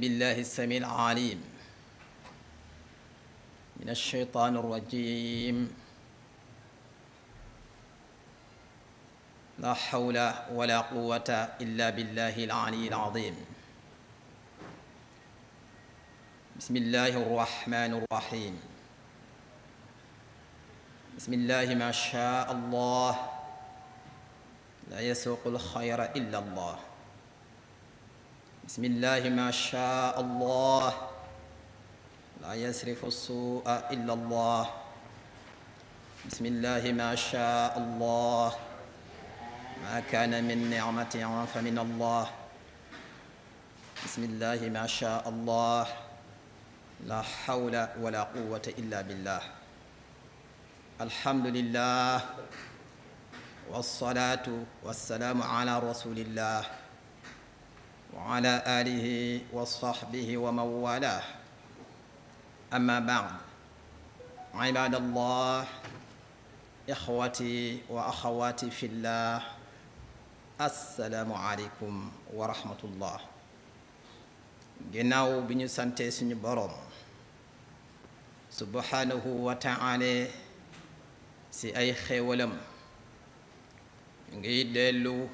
بالله السميع العليم من الشيطان الرجيم لا حول ولا قوة إلا بالله العلي العظيم بسم الله الرحمن الرحيم بسم الله ما شاء الله لا يسوق الخير إلا الله بسم الله ما شاء الله لا يسرف السوء إلا الله بسم الله ما شاء الله ما كان من نعمة فمن الله بسم الله ما شاء الله لا حول ولا قوة إلا بالله الحمد لله والصلاة والسلام على رسول الله وعلى آله وصحبه ومن والاه أما بعد عباد الله إخوتي وأخواتي في الله السلام عليكم ورحمة الله جناو بني سنتيسن بروم سبحانه وتعالى سي أي خيولم نجي دلو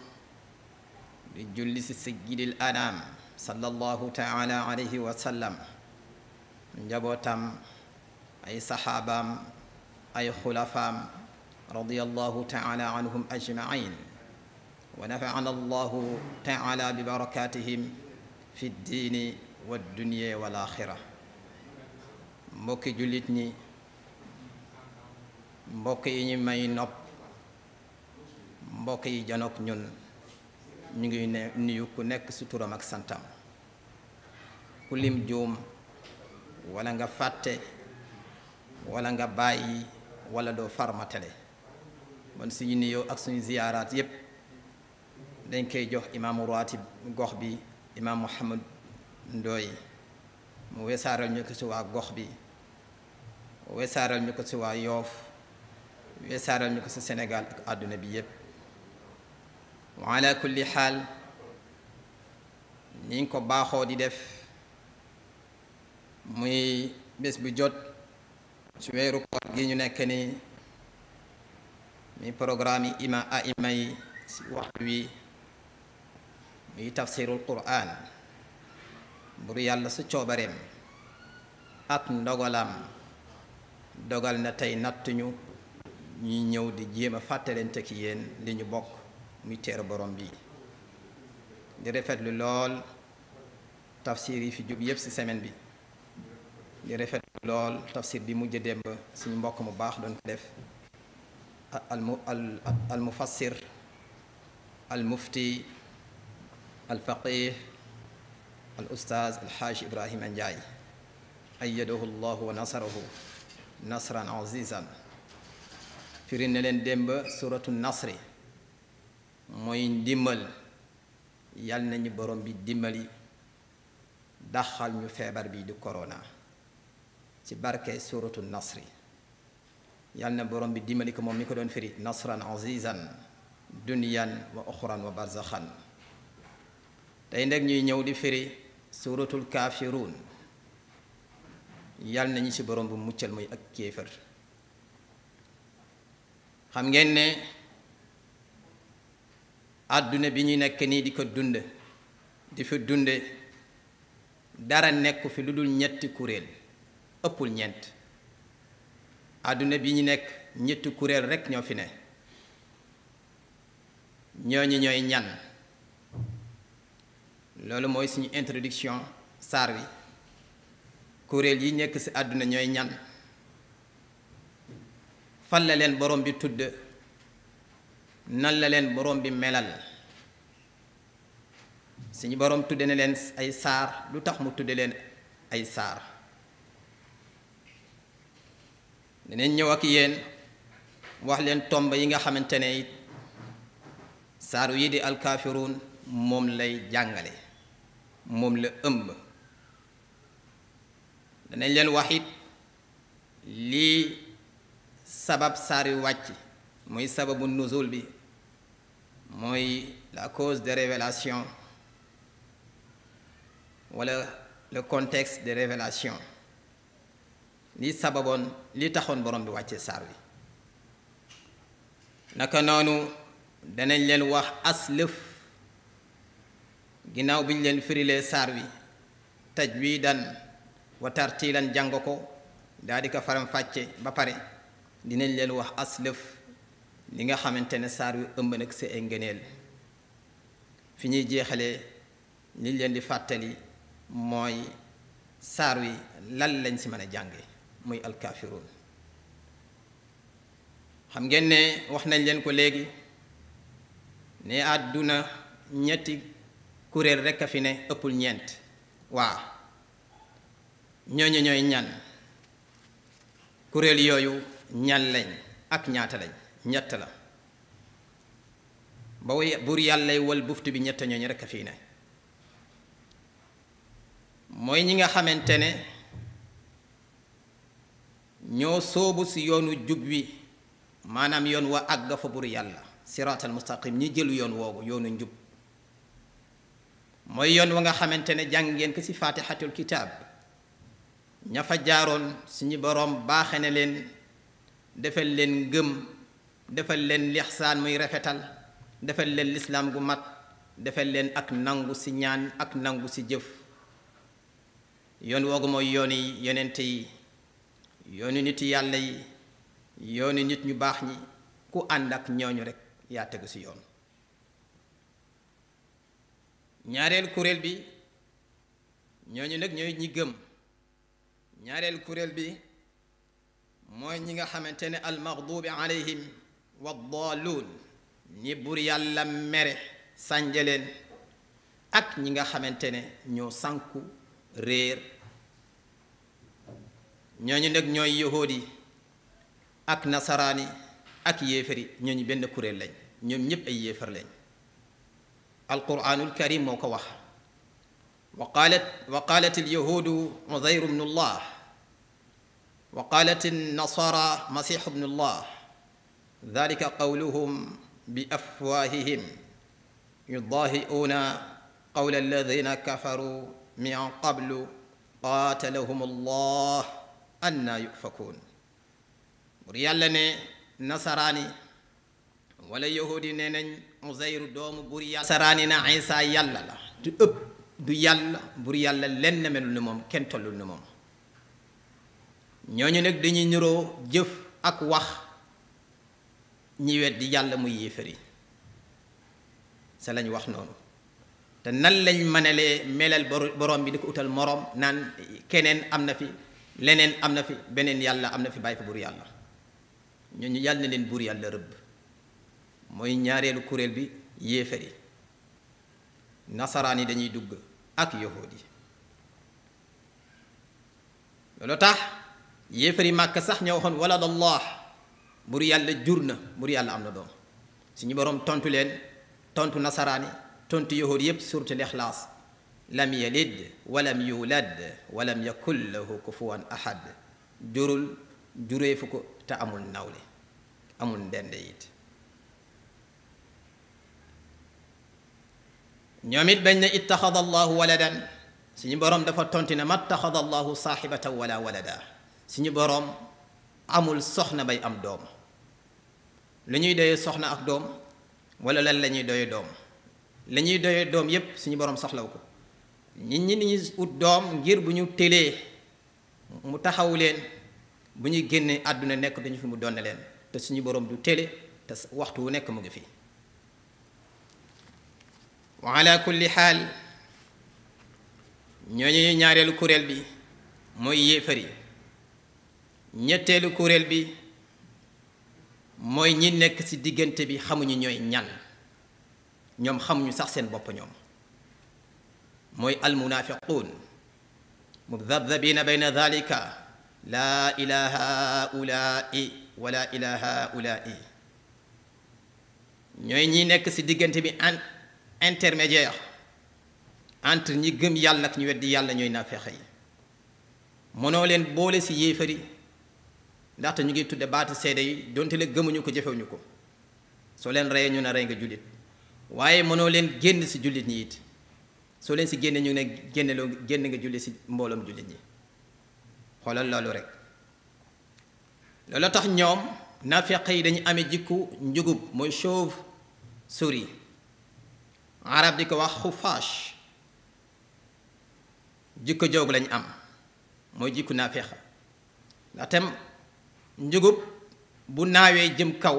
لجلس سيد الأنام صلى الله تعالى عليه وسلم جبوتم أي صحابام أي خلفام رضي الله تعالى عنهم أجمعين ونفعنا الله تعالى ببركاتهم في الدين والدنيا والآخرة موكي جلتني موكي إني ماي موكي جنوك نون ñu ngi ne nuyu ku nekk si turam ak santam ku lim juum wala nga fàtte wala nga bàyyi wala doo farmatele man suñu nuyu ak suñu ziyaaraat yépp dañ koy jox imaamu raatib gox bi imaam Muhammad Ndooy mu wesaaral ñu ko si waa gox bi wesaaral ñu ko si waa Yoof wesaaral ñu ko si Sénégal ak àdduna bi yépp wa ala kulli xaal ni ko baaxoo di def muy bés bu jot ci weeru gi ñu nekk ni muy programme yi ima a ima yi ci waxtu wi muy tafsirul quraan buru yàlla su coobareem ak ndogalam dogal na tey nattuñu ñuy ñëw di jéem a fàttalante ki yéen li ñu bokk muy teeru borom bi di rafetlu lool tafsir yi fi jub yëpp ci semaine bi di rafetlu lool tafsir bi mujj démb suñu mbokk mu baax doon ko def al mu al al mufassir al mufti al faqih al ustaaz al xaaj Ibrahima Ndiaye ayyadahu llahu wa nasarahu nasran azizan firi ne leen démb suratu nasri mooy ndimbal yal nañu borom bi dimbali daxal ñu feebar bi di corona ci barke suratu nasri yal na borom bi dimbali ko moom mi ko doon firi nasran azizan duniyan wa oxuran wa barzaxan tey nag ñuy ñëw di firi suratul kaafiruun yal nañu ci borom bu muccal mooy ak kéefër xam ngeen ne àdduna bi ñu nekk nii di ko dund di fi dunde dara nekku fi lu dul ñetti kuréel ëppul ñeent àdduna bi ñu nekk ñetti kuréel rekk ñoo fi ne ñooñu ñooy ñan loolu mooy suñu introduction saar wi kuréel yi nekk ci àdduna ñooy ñan fan leen borom bi tudd nan la leen borom bi melal suñu borom tudde na leen ay saar lu tax mu tudde leen ay saar dinañ ñëw ak yéen wax leen tomb yi nga xamante ne it saaru yi di alkaafiruun moom lay jàngale moom la ëmb danañ leen waxit lii sabab saar yu wàcc muy sababu nuzul bi mooy la cause de révélation wala le contexte de révélation li sababoon li taxoon borom bi wàccee saar wi naka noonu danañ leen wax aslëf ginnaaw bi ñu leen firilee saar wi tajwidan wa tartilan jàng ko daal di ko faram fàcce ba pare dinañ leen wax aslëf li nga xamante ne saar wi ëmb nag si ay ngëneel fi ñuy jeexalee liñ leen di fàttali mooy saar wi lan lañ si mën a jànge muy alkaafiruun xam ngeen ne wax nañ leen ko léegi ne àdduna ñetti kuréel rekk a fi ne ëppul ñeent waa ñooñu ñooy ñan kuréel yooyu ñan lañ ak ñaata lañ ñett la ba way buur yàllay wal buftu bi ñett ñooñu rekk a fii ne mooy ñi nga xamante ne ñoo soobu si yoonu jub wi maanaam yoon wa àgg fa buur yàlla siraatal mustaqim ñi jël yoon woowu yoonu njub mooy yoon wa nga xamante ne jàng ngeen ko ci faatixatul kitaab ña fa jaaroon suñu boroom baaxe na leen defal leen ngëm defal leen lixsaan muy rafetal defal leen lislaam gu mat defal leen ak nangu si ñaan ak nangu si jëf yoon woogu mooy yoon yoonu yonent yi yu nit yàlla yi yoonu nit ñu baax ñi ku ànd ak ñooñu rek yaa tegu ci yoon ñaareel kuréel bi ñooñu nag ñooy ñi gëm ñaareel kuréel bi mooy ñi nga xamante ne almaxdubi alayhim waddaaluun ñi bur yàlla mere sànje leen ak ñi nga xamante ne ñoo sànku réer ñooñu nag ñooy yahood yi ak nasaraan yi ak yéefar yi ñooñu benn kuréel lañ ñoom ñépp ay yéefar lañ alquraanul karim moo ko wax wa qaalat wa qaalat alyahuudu uzayru bnu llah wa qaalat annasara masiixu bnu llah ذلك قولهم بافواههم يضاهئون قول الذين كفروا من قبل قاتلهم الله أنا يؤفكون بريال نصراني ولا يهودي نين مزير دوم بريال سراني عيسى يالا لا دي اب دي يالا بريال لن مل نموم كن تولو نموم ñoñu nak dañuy ñuro jëf ak wax ñi weddi yàlla muy yéefar yi sa lañ wax noonu te nan lañ mënalee melal borom bi di ko utal moroom naan keneen am na fi leneen am na fi beneen yàlla am na fi bàyyi fi buur yàlla ñooñu yàlla na leen buur yàlla rëbb mooy ñaareelu kuréel bi yéefar yi nasaraan yi dañuy dugg ak yahood yi loolu tax yéefar yi màkk sax ñoo waxoon walad allah buur yàlla jur na buur yàlla am na doom suñu borom tontu leen tontu nasaraani tontu yahud yëpp suuratul ixlaas lam yalid walam yulad walam yakul lahu kufuwan ahad jurul jureefu ko te amul nawle amul ndende it ñoom it bañ na ittaxada allahu waladan suñu borom dafa tonti ne mattaxada allahu saaxibatan wala walada suñu borom amul soxna bay am doom lu ñuy doyee soxna ak doom wala lan lañuy ñuy doyee doom la ñuy doyee doom yépp suñu borom soxlaw ko nit ñi ni ñu ut doom ngir bu ñu tëlee mu taxaw leen bu ñuy génnee àdduna nekk dañu fi mu donn leen te suñu boroom du tële te waxtu wu nekk mu ngi fi wa ala kulli xaal ñooñu ñaareelu kuréel bi mooy yéefar ñetteelu kuréel bi moy ñi nekk ci diggante bi xamuñu ñoy ñan ñoom xamuñu sax seen bop ñom moy al munafiqun mudabdabina bayna dalika laa ila haulai wala ilaha ula'i ñoy ñi nekk ci diggante bi en intermédiaire entre ñi gëm yàlla ak ñu weddi yàlla ñoy nafexay mono len leen boole ci yéefari ndaxte ñu ngi tudde baati seede yi donte le gëmuñu ko jëfewuñu ko soo leen reyee ñu ne rey nga jullit waaye mënoo leen génn si jullit ñi it soo leen si génne ñu ne génne génn nga julli si mbooloom jullit ñi xoolal loolu rek loolu tax ñoom naafeq yi dañu amee jikku njugub mooy chauve souris arab di ko wax xufaash jikko joogu lañ am mooy jikku naafeq ndax njugub bu naawee jëm kaw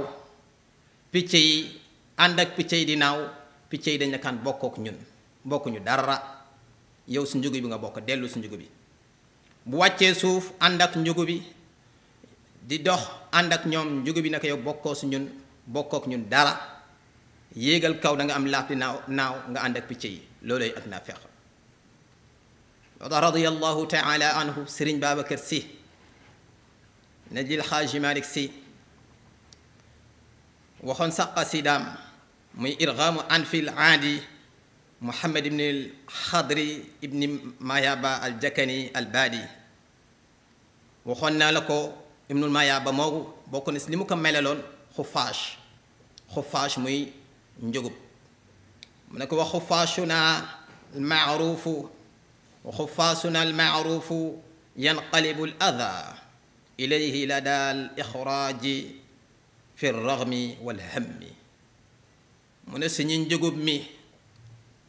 picc yi ànd ak picc yi di naaw picc yi dañ la kaan bokkook ñun bokkuñu dara yow si njugub bi nga bokk dellu su njugub bi bu wàccee suuf ànd ak njugub bi di dox ànd ak ñoom njugub bi naka yow bokkoo su ñun bokkook ñun dara yéegal kaw da am laaf di naaw naaw nga ànd ak picc yi loolooy ak naa feq radiyallahu taala anhu sëriñ Babacar Si ne jil khaji malik si waxon saqa sidam muy irgham an fil adi محمد بن الخضر ابن مايابا الجكني البادي وخونا لكو ابن مايابا موغو بوكو نس لي موكو ميلالون خفاش خفاش موي نجوغوب منكو خفاشنا المعروف وخفاشنا المعروف ينقلب الاذى إليه لدى الإخراج في الرغم والهم سنين نجوب مي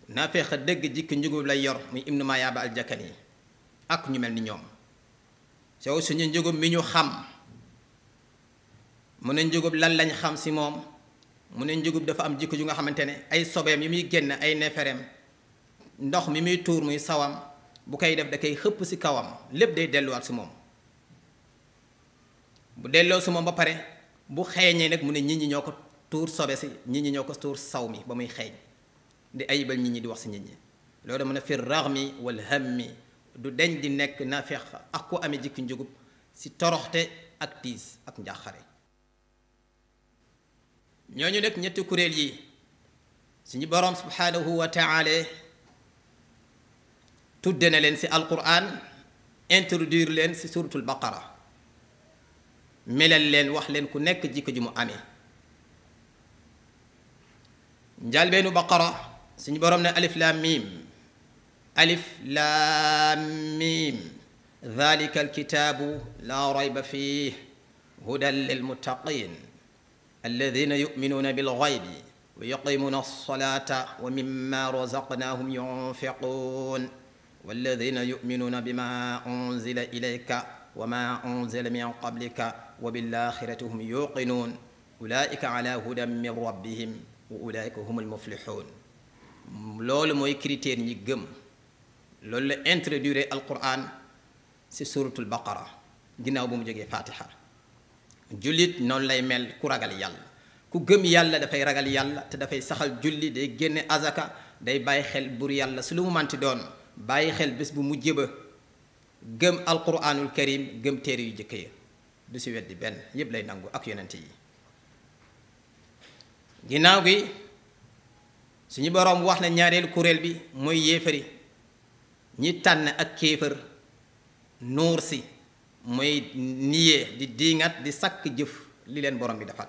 نافخ دق جيك نجوب لا يور مي ابن ما يابا الجكني اك ني نيوم سو سني نجوب مي نيو خام من نجوب لان لا خام سي موم من نجوب دا ام جيك جوغا خامتاني اي صوبيم مي ген اي نفرم ndox mi مي tour muy sawam bu kay def da kay xëpp si kawam bu delloo su moom ba pare bu xeeñee nag mu ne nit ñi ñoo ko tuur sobe si nit ñi ñoo ko tuur saw mi ba muy xeeñ di ayibal nit ñi di wax si nit ñi loolu mu ne fi raxmi wal hammi du deñ di nekk naafeq ak ku amee jikki njugub si toroxte ak tiis ak njaaxare ñooñu nag ñetti kuréel yi suñu boroom subhaanahu wa taala tudde na leen si alquran introduire leen si suratul baqara melal leen wax leen ku nekk jikko ji mu amee njalbeenu baqara suñu borom ne alif lam mim alif lam mim dhalika alkitaabu la rayba fiih hudan lilmuttaqin alladina yuminuuna bilgaybi wa yuqimuuna alsalata wa mima razaqnahum yunfiquun والذين يؤمنون بما أنزل إليك وما أنزل من قبلك وبالآخرة هم يوقنون أولئك على هدى من ربهم وأولئك هم المفلحون لول موي كريتير ني گم لول لا انتروديري القران سي سوره البقره گيناو بوم جوغي فاتحه جوليت نون لاي مل كو راغال يالا كو گم يالا دا فاي راغال يالا تا دا فاي سخال جولي دي گيني ازاكا داي باي خيل بور يالا سلو مانتي دون باي خيل بس بو مجيبه گم القران الكريم گم تيري جيكيه du si weddi benn yëpp lay nangu ak yonent yi ginnaaw gi suñu boroom wax na ñaareel kuréel bi mooy yéefari ñi tànn ak kéefër nuur si mooy niyee di diingat di sakk jëf li leen borom bi defal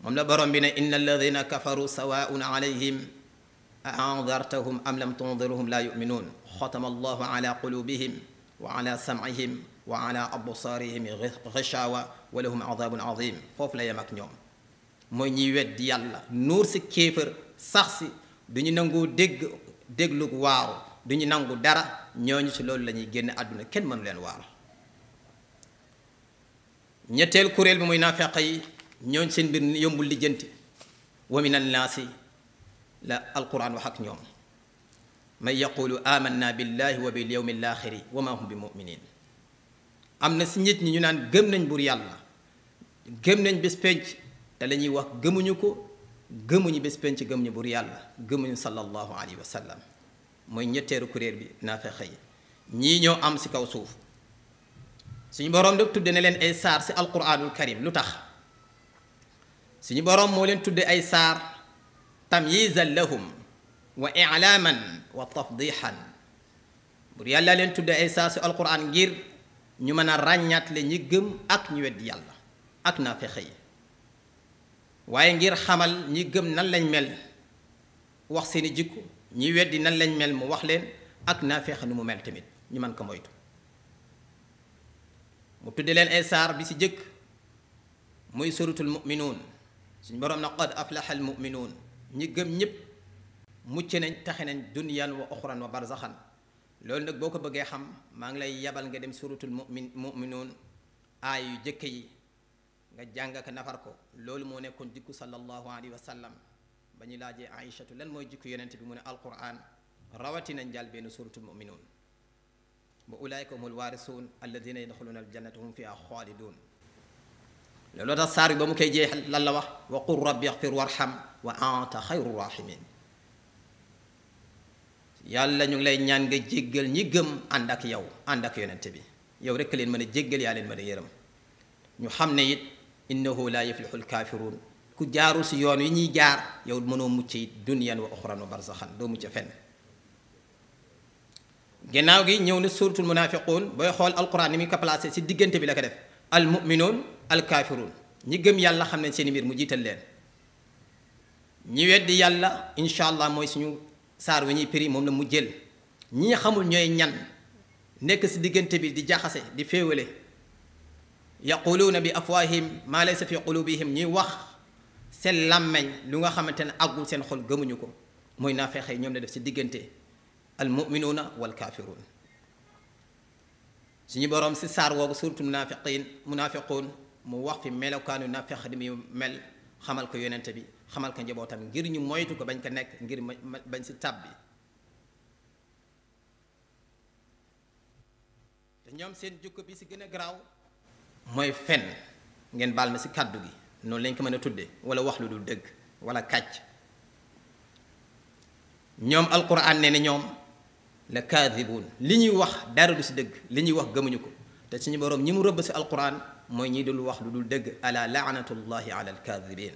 moom la borom bi ne inna alladina kafaru sawaun alayhim a andartahum am lam tundirhum la yuminuun xatama allahu ala qulubihim wa ala samcihim وعلى أبصارهم غشاوة ولهم عذاب عظيم فوف لا يمك نيوم موي ني ويد يالا نور سي كيفر ساخسي دوني نانغو ديغ ديغلوك واو دوني نانغو دارا ньо ญ ي سي لول لا ني ген ادنا كين مانو لين وار نيتيل كوريل بي موي نافقاي ньо ญ سين بير يومبل لي ومن الناس لا القران وحق نيوم من يقول آمنا بالله وباليوم الآخر وما هم بمؤمنين am na si nit ñi ñu naan gëm nañ bur yàlla gëm nañ bés penc te la ñuy wax gëmuñu ko gëmuñu bés penc gëmuñu bur yàlla gëmuñu sallallahu alayhi wa sallam mooy ñetteeru kuréer bi naafeq xëy ñii ñoo am si kaw suuf suñu borom nag tudde ne leen ay saar si alquranul karim lu tax suñu borom moo leen tudde ay saar tamyizan lahum wa i'laman wa tafdixan bur yàlla leen tudde ay saar si alquran ngir ñu mën a le ñi gëm ak ñu weddi yàlla ak naa fexe yi waaye ngir xamal ñi gëm nan lañ mel wax seeni jikko ñi weddi nan lañ mel mu wax leen ak naa fexe nu mu mel tamit ñu mën ko moytu mu tudde leen ay saar bi si jëkk muy suratul mu'minun suñ borom na qad aflaha al muminuun ñi gëm ñëpp mucc nañ taxe nañ dunyan wa oxran wa barzaxan loolu nag boo ko bëggee xam maa ngi lay yabal nga dem suratul mumin muminuun aay yu jëkk yi nga jàng ak nafar ko loolu moo nekkoon jikku sallallahu alayhi wa sallam ba ñu laajee aïchatu lan mooy jikku yonente bi mu ne alquran rawatina njal benn suratul muminuun ba ulaayka humul waarisuun alladina yadxuluuna aljannata hum fiha xaaliduun loolu tax saar bi ba mu koy jeexal lan la wax wa qul rabbi yaxfir warxam wa anta xayru rahimin yàlla ñu ngi lay ñaan nga jéggal ñi gëm ànd ak yow ànd ak yonent bi yow rekk leen mën a jéggal yaa leen mën a yërëm ñu xam ne it innahu laa yuflihu alkaafiruun ku jaarul si yoon wi ñuy jaar yow mënoo mucc it dunyan wa oxran wa barzaxan doo mucc fenn ginnaaw gi ñëw na suuratul munaafiquun booy xool alquran ni muy ko placé si diggante bi la ko def almuminuun alkaafiruun ñi gëm yàlla xam ne seen mbir mu jiital leen ñi weddi yàlla incha mooy suñu sar wi ñi pri mom la mu jël ñi nga xamul ñoy ñan nek ci digënté bi di jaxassé di féwélé yaquluna bi afwahim ma laysa fi qulubihim ñi wax sen lamagn lu nga xamantene ne sen xol gëmuñu ko moy na fexe ñom la def digënté al mu'minuna wal kaafiruun suñu borom ci sar wogu suratul munafiqin munafiqun mu wax fi melokaanu naafeq di mel xamal ko yonent bi xamal ko njabootam ngir ñu moytu ko bañ ko nekk ngir bañ si tàbbi te ñoom seen jukko bi si gën a garaaw mooy fen ngeen baal ma si kàddu gi noonu lañ ko mën a tudde wala wax lu dul dëgg wala kàcc ñoom alquran nee na ñoom la kaadibuun li ñuy wax dara du si dëgg li ñuy wax gëmuñu ko te suñu borom ñi mu rëbb si alquran mooy ñi dul wax lu dul dëgg ala laanatullahi ala alkaadibin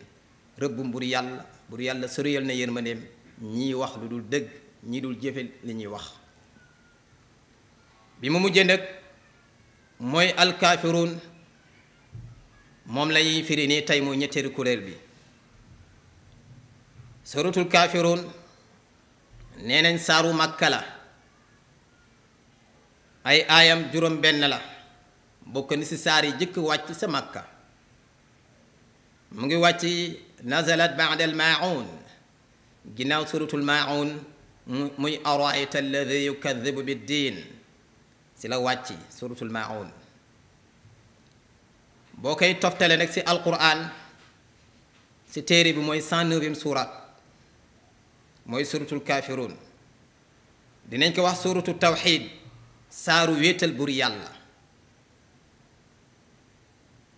rëbb mbur yàlla mbur yàlla soriyal na yërmandeem ñi wax lu dul dëgg ñii dul jëfe li ñuy wax bi mu mujjee nag mooy alkaafiruun moom lay firi nii tey muy ñetteelu kuréel bi suratul kaafiruun nee nañ saaru màkka la ay aayam juróom benn la bokk ni ci saar yi jëkk wàcc sa màkka mu ngi wàcc نزلت بعد الماعون ginnaaw suratul maawun muy araayta alladi yukadibu biddiin si la wàcc suratul maawun boo koy toftale nag si alquran si téere bi mooy cent neuvième surat mooy suratul kafirun dinañ ko wax suratu tawxid saaru wéetal bur yàlla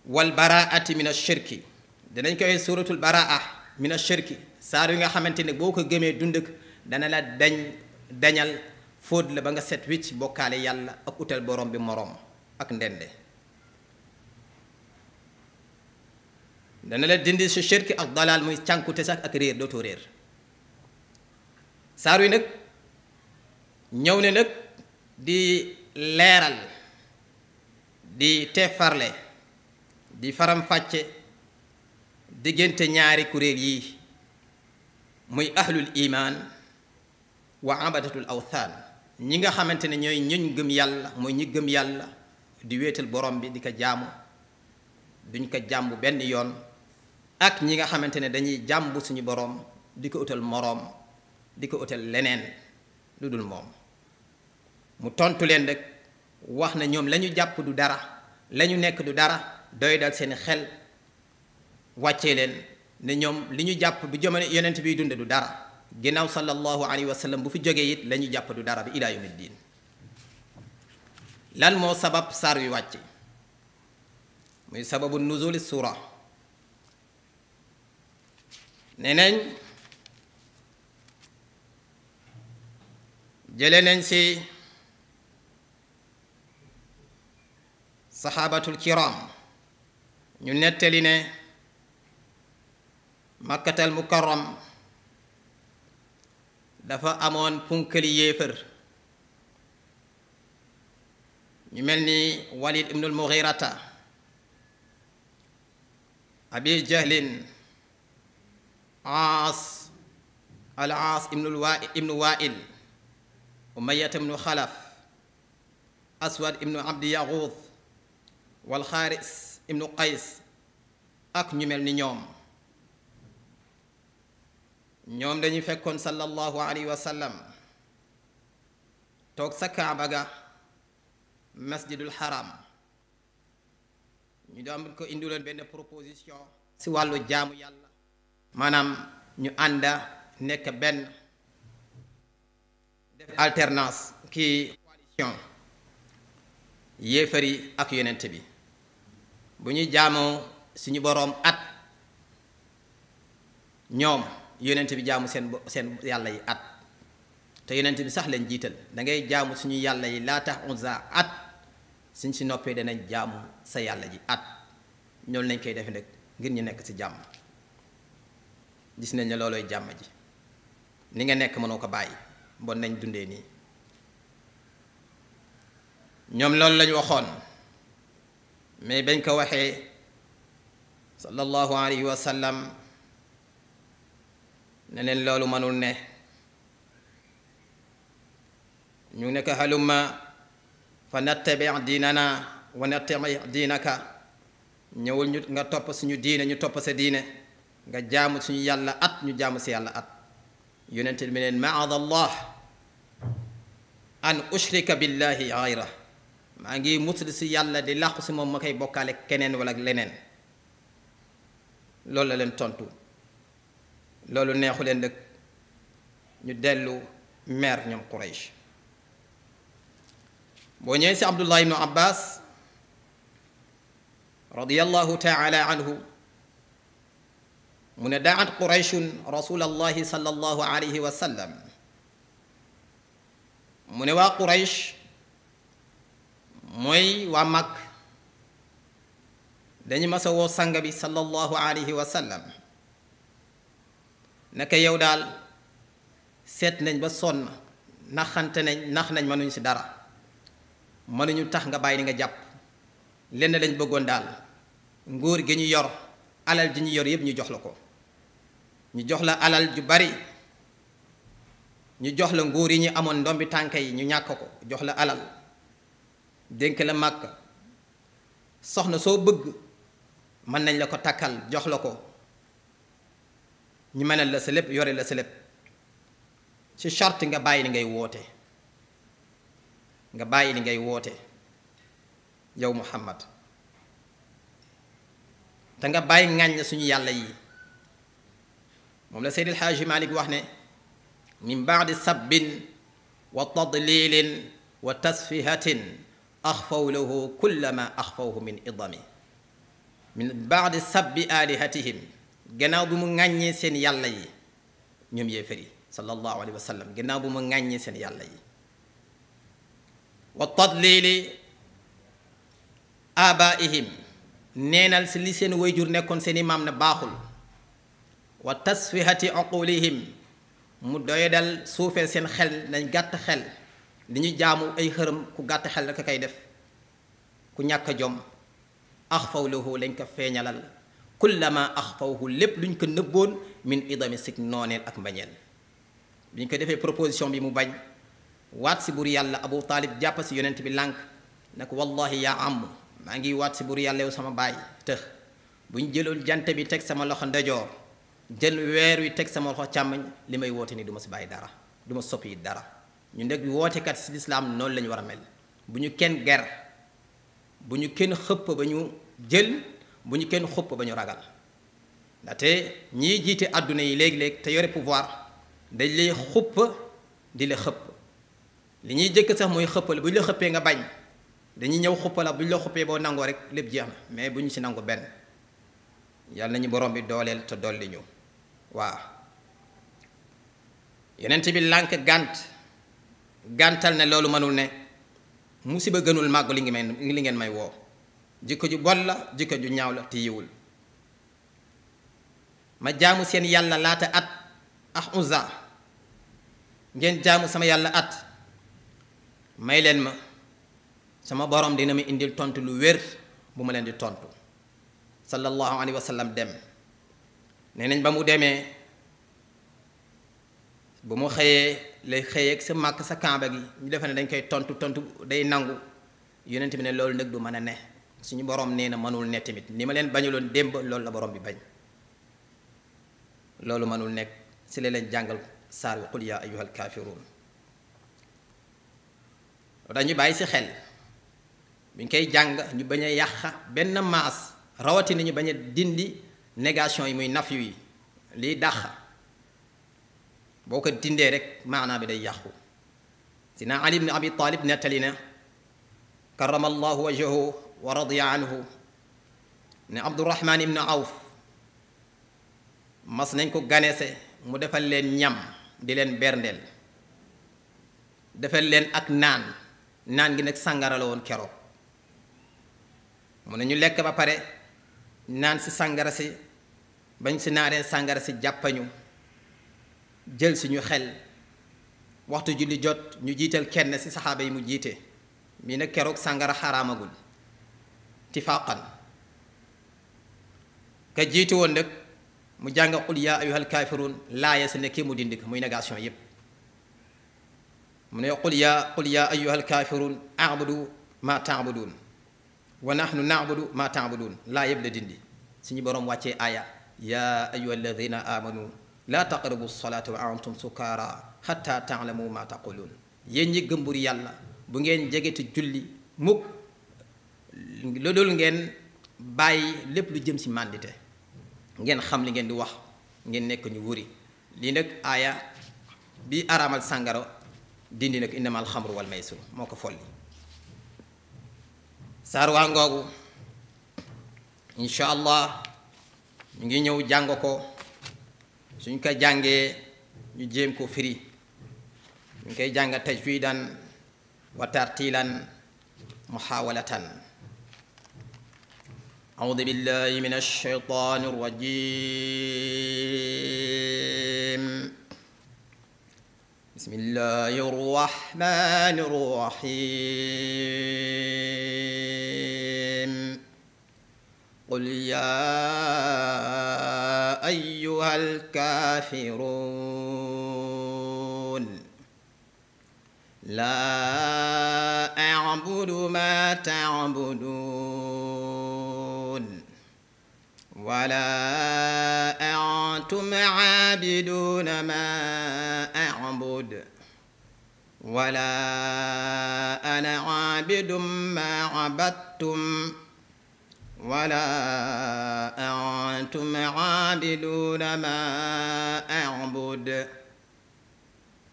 wal baraati min ashirki dinañ koy suuratul baraa min ashirki saar yu nga xamante ne boo ko gëmee dund dana la dañ dañal fóot la ba nga set wicc bokkaale yàlla ak utal borom bi moroom ak ndende dana la dindi si shirki ak dalal muy cànkute sax ak réer dootoo réer saar wi nag ñëw ne nag di leeral di tefarle di faram fàcce diggante ñaari kuréel yi muy ahlul iman wa abadatul awthan ñi nga xamante ne ñooy ñuñ gëm yàlla mooy ñi gëm yàlla di wéetal borom bi di ko jaamu duñ ko jàmbu benn yoon ak ñi nga xamante ne dañuy jàmbu suñu borom di ko utal moroom di ko utal leneen lu dul moom mu tontu leen rek wax na ñoom la jàpp du dara la nekk du dara doy dal seen xel wàccee leen ne ñom liñu jàpp bi jamono yonent bi dunde du dara ginaaw sallallahu alayhi wa sallam bu fi jógee yit lañu jàpp du dara bi ila yawmi lan mo sabab sar wi wàcce muy sababu nuzul surah neneñ jële nañ ci sahabatul kiram ñu netali ne مكة المكرم دفا أمون فنكل يفر نملني وليد ابن المغيرة أبي جهل عاص العاص ابن الوائل ابن وائل أمية ابن خلف أسود ابن عبد يغوث والخارس ابن قيس أك نملني يوم ñoom dañu fekkoon sallallahu alayhi wa sallam toog sa kaaba ga masjidul haram ñu doon ko indiloon benn proposition si wàllu jaamu yàlla maanaam ñu ànda nekk benn def alternance kii coalition yéefari ak yonent bi bu ñu jaamoo suñu boroom at ñoom yonent bi jaamu seen seen yàlla yi at te yonent bi sax lañ jiital da ngay jaamu suñu yàlla yi laa laata onza at suñ si noppee danañ jaamu sa yàlla ji at ñoom lañ koy defe nag ngir ñu nekk si jàmm gis nañ ne loolooy jàmm ji ni nga nekk mënoo ko bàyyi bon nañ dundee nii ñoom loolu lañu waxoon mais bañ ko waxee sallallahu alayhi wa ne leen loolu mënul ne ñu nekk halumma fa nattabi diinana wa nattabi diinaka ñëwul ñu nga topp suñu diine ñu topp sa diine nga jaamu suñu yàlla at ñu jaamu si yàlla at yonente bi leen maada allah an ushrika billahi gayra maa ngi musul si yàlla di làqu si moom ma koy bokkaale keneen wala leneen loolu la leen tontu loolu neexu leen dëkk ñu dellu mer ñoom Quraysh boo ñëwee si Abdullah ibnu Abbas radiyallahu taala anhu mu ne daat Qurayshun rasulallahi sallallahu alayhi wa sallam mu ne waa Quraysh mooy waa mag dañu mas a woo sang bi sallallahu alayhi wa sallam naka yow daal seet nañ ba sonn naxante nañ nax nañ mënuñ si dara mënuñu tax nga bàyyi ni nga jàpp lenn lañ bëggoon daal nguur gi ñu yor alal ji ñu yor yëpp ñu jox la ko ñu jox la alal ju bari ñu jox la nguur yi ñu amoon ndombi tànk yi ñu ñàkk ko jox la alal dénk la màkk soxna soo bëgg mën nañ la ko takkal jox la ko ñi mënal la sa lépp yore la sa lépp ci charte nga bàyyi li ngay woote nga bàyyi li ngay woote yow Muhammad te nga bàyyi na suñu yàlla yi moom la Seydil Xaaji Malik wax ne min baadi sabbin wa tadlilin wa tasfihatin axfaw lahu kulla ma axfawhu min idami min baadi sabbi alihatihim gannaaw bi mu ŋàññee seen yàlla yi ñoom yéefar yi sallallahu alayhi wa sallam gannaaw bi mu ŋàññee seen yàlla yi wa tadlili abaihim neenal si li seen wayjur nekkoon seen i maam ne baaxul wa tasfihati aqulihim mu doyadal suufee seen xel nañ gàtt xel li ñu jaamu ay xërëm ku gàtt xel rek a koy def ku ñàkk jom axfaw lahu lañ ko feeñalal كلما أخفوه لب لنك نبون من إضامي سيك نونيل أك مبانيل بينك دفع بروبوزيشن بي مبان وات سيبوري الله أبو طالب جاباسي يوننت بي لانك نك والله يا عمو مانجي وات سيبوري الله وسما باي تخ بوين جلو الجانت بي تك سما لخن دجور جل وير وي تك سما لخو چامن لما يواتيني دوما سباي دارا دوما سوبي دارا نيندك بيواتي كات سيد اسلام نول لنجوار مل بنيو كن غير بنيو كن خب بنيو جل bu ñu kenn xupp ba ñu ragal ndaxte ñii jiite àdduna yi léegi-léegi te yore pouvoir dañ lay xupp di la xëpp li ñuy jëkk sax mooy xëppal bu ñu la xëppee nga bañ dañuy ñëw xuppa la bu ñu la xuppee boo nangoo rek lépp jeex na mais bu ñu si nangu benn yàlla nañu borom bi dooleel te dool dolli ñu waaw yonent bi lànk gànt gàntal ne loolu mënul ne a gënul màgg li ngi may li ngeen may woo jikko ju bolla jikko ju ñaaw la yiwul ma jaamu seen yàlla laata at ah uza ngeen jaamu sama yàlla at may leen ma sama borom dina ma indil tontu lu wér bu ma leen di tontu sallallahu alaihi wasallam dem neenañ ba mu demee bu mu xëyee lay xëyee ak sa màkk sa kamba gi ñu defe ne dañ koy tontu tontu day nangu yonent bi ne loolu nag du mën a ne suñu borom neena manul ne tamit ni ma leen bañuloon démb loolu la borom bi bañ loolu manul nekk si leen jàngal saar wi qul yaa ayyuhal kaafiruun dañu bàyyi si xel buñ koy jàng ñu bañ a yàq benn maas rawatina ñu bañ a dindi négation yi muy naf yi liy dàq boo ko dindee rek maanaa bi day yàqu sina Ali ibn Abi Talib nettali na karama allahu wajahu wa radiya anhu ne abdurahmaan ibnu awf mas nañ ko ganese mu defal leen ñam di leen berndeel defal leen ak naan naan gi nag sàngara la woon keroog mu ne ñu lekk ba pare naan si sàngara si bañ si naaree sàngara si jàppañu jël si ñu xel waxtu julli jot ñu jiital kenn si saxaaba yi mu jiite mii nag keroog sàngara xaraamagul tifaqan ka jiitu woon nag mu jàng qul yaa ayuhal kaafiruun laaya sa nekkee mu dindi ko muy négation yépp mu ne qul yaa qul yaa ayuhal kaafiruun abudu ma taabuduun wa nahnu naabudu ma taabuduun laa yëpp la dindi suñu borom wàccee aaya yaa ayuha alladina amanu laa taqrabu salaata wa antum sukaara hatta taalamu ma taquluun yéen ñi gëm buri yàlla bu ngeen jegeti julli mukk loolu ngeen bàyyi lépp lu jëm si màndite ngeen xam li ngeen di wax ngeen nekk ñu wuri lii nag aaya bi araamal sàngara dindi nag innamal xamru wal maysir moo ko folli saar waa ngoogu incha allah ñu ngi ñëw jàng ko suñ ko jàngee ñu jéem ko firi ñu ngi koy jàng tajwidan wa tartilan muhawalatan أعوذ بالله من الشيطان الرجيم بسم الله الرحمن الرحيم قل يا أيها الكافرون لا أعبد ما تعبدون ولا أنتم عابدون ما أعبد ولا أنا عابد ما عبدتم ولا أنتم عابدون ما أعبد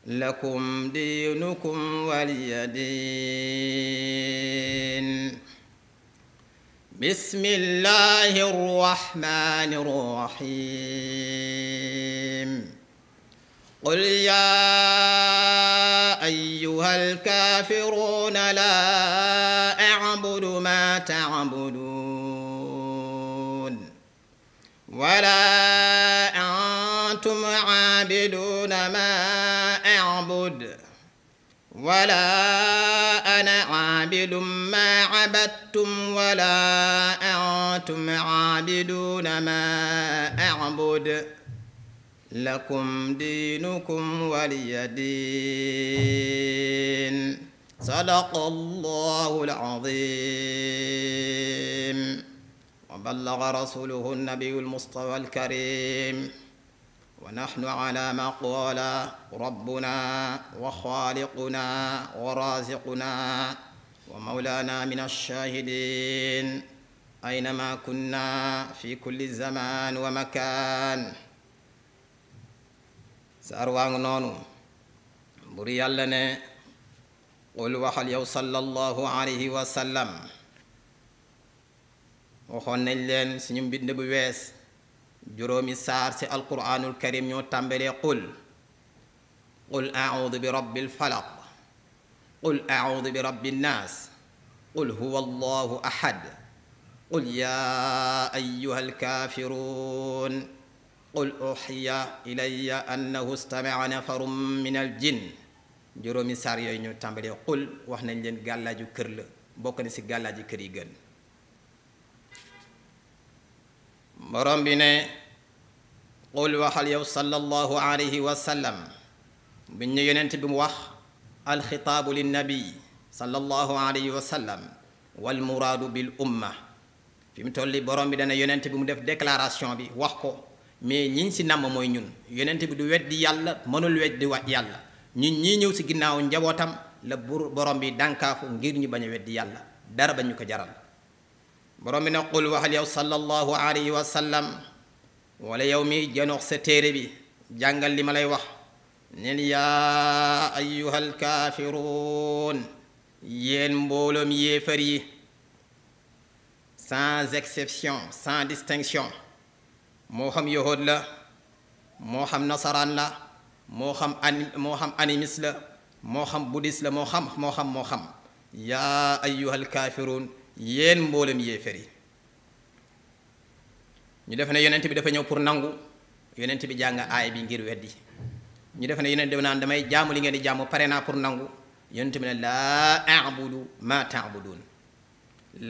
لكم دينكم ولي دين بسم الله الرحمن الرحيم قل يا أيها الكافرون لا أعبد ما تعبدون ولا أنتم عابدون ما أعبد ولا عابد ما عبدتم ولا أنتم عابدون ما أعبد لكم دينكم ولي دين صدق الله العظيم وبلغ رسوله النبي المصطفى الكريم ونحن على ما قال ربنا وخالقنا ورازقنا ومولانا من الشاهدين أينما كنا في كل زمان ومكان سأروان نونو بري لنا قل وحل يو صلى الله عليه وسلم وخون لين سنين بيد بويس جرومي سار سي القرآن الكريم يو تنبلي قل قل أعوذ برب الفلق قل أعوذ برب الناس قل هو الله أحد قل يا أيها الكافرون قل أحيى إلي أنه استمع نفر من الجن جرومي ساريو ينو تامبلي قل وحنا نجن قالا جو كرل بوكني سي قال جو كري جن مرام بني قل وحل يو صلى الله عليه وسلم بني ينتبه وحل الخطاب للنبي صلى الله عليه وسلم والمراد بالأمة fi mu toll borom bi dana yonent bi mu def déclaration bi wax ko mais ñiñ si namm mooy ñun yonent bi du weddi yàlla mënul weddi wa yàlla ñun ñii ñëw si ginnaaw njabootam la bur borom bi dànkaafu ngir ñu bañ a weddi yàlla dara ba ñu ko jaral borom bi ne qul waxal yow sallallahu alayhi wa sallam wala yow mi janox sa téere bi jàngal li ma lay wax neel yaa ayyuhal kaafiruun yéen mbooloom yéefar yi sans exception sans distinction moo xam yahood la moo xam nasaraan la moo xam ani moo xam animiste la moo xam bouddhiste la moo xam moo xam moo xam yaa ayyuhal kaafiruun yéen mbooloom yéefar yi ñu def ne yonent bi dafa ñëw pour nangu yonent bi jàng aay bi ngir weddi ñu def ne yeneen dem naan damay jaamu li ngeen di jaamu pare naa pour nangu yonent bi ne laa abudu ma taabudun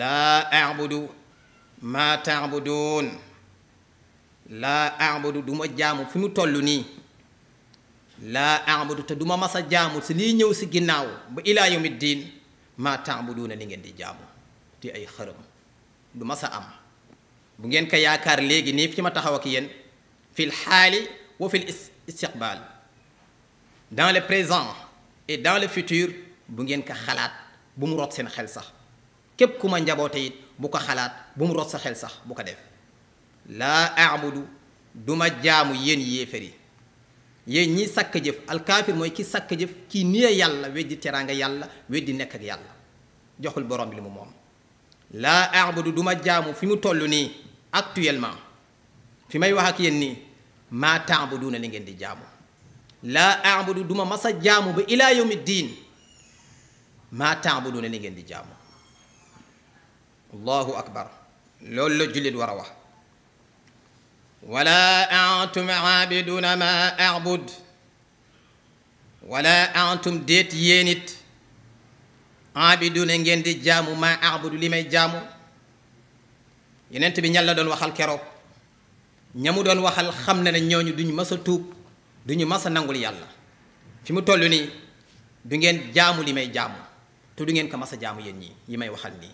laa abudu ma taabudun laa abudu du ma jaamu fu nu toll nii laa abudu te du ma mas a jaamu si lii ñëw si ginnaaw ba ilaa yawmi diin ma taabuduna li ngeen di jaamu te ay xërëm du mas a am bu ngeen ko yaakaar léegi nii fi ma taxaw ak yéen fi l wa fi l istiqbaal dans le présent et dans le futur bu ngeen ko xalaat bu mu rot seen xel sax képp ku ma njaboote it bu ko xalaat bu mu rot sa xel sax bu ko def laa aabudu du ma jaamu yéen yéefar yi yéen ñi sakk jëf alkaafir mooy ki sakk jëf kii niye yàlla weddi teraanga yàlla weddi nekk ak yàlla joxul borom li mu moom laa aabudu du ma fi mu toll nii actuellement fi may wax ak yéen nii maa taabuduuna ngeen di jaamu لا أعبد دوما مسا جامو ب إلى يوم الدين ما تعبدون لي ngén جامو الله أكبر لول لو جليل وروا ولا أنتم عابدون ما أعبد ولا أنتم ديت ينيت عابدون ngén جامو ما أعبد لي مي جامو ينت بي نيالا دون واخال كيرو نيامو دون واخال خامنا نيو ني مسا توب du ñu mas a nangul yàlla fi mu toll nii du ngeen jaamu li may jaamu te du ngeen ko mas a jaamu yéen ñii yi may waxal nii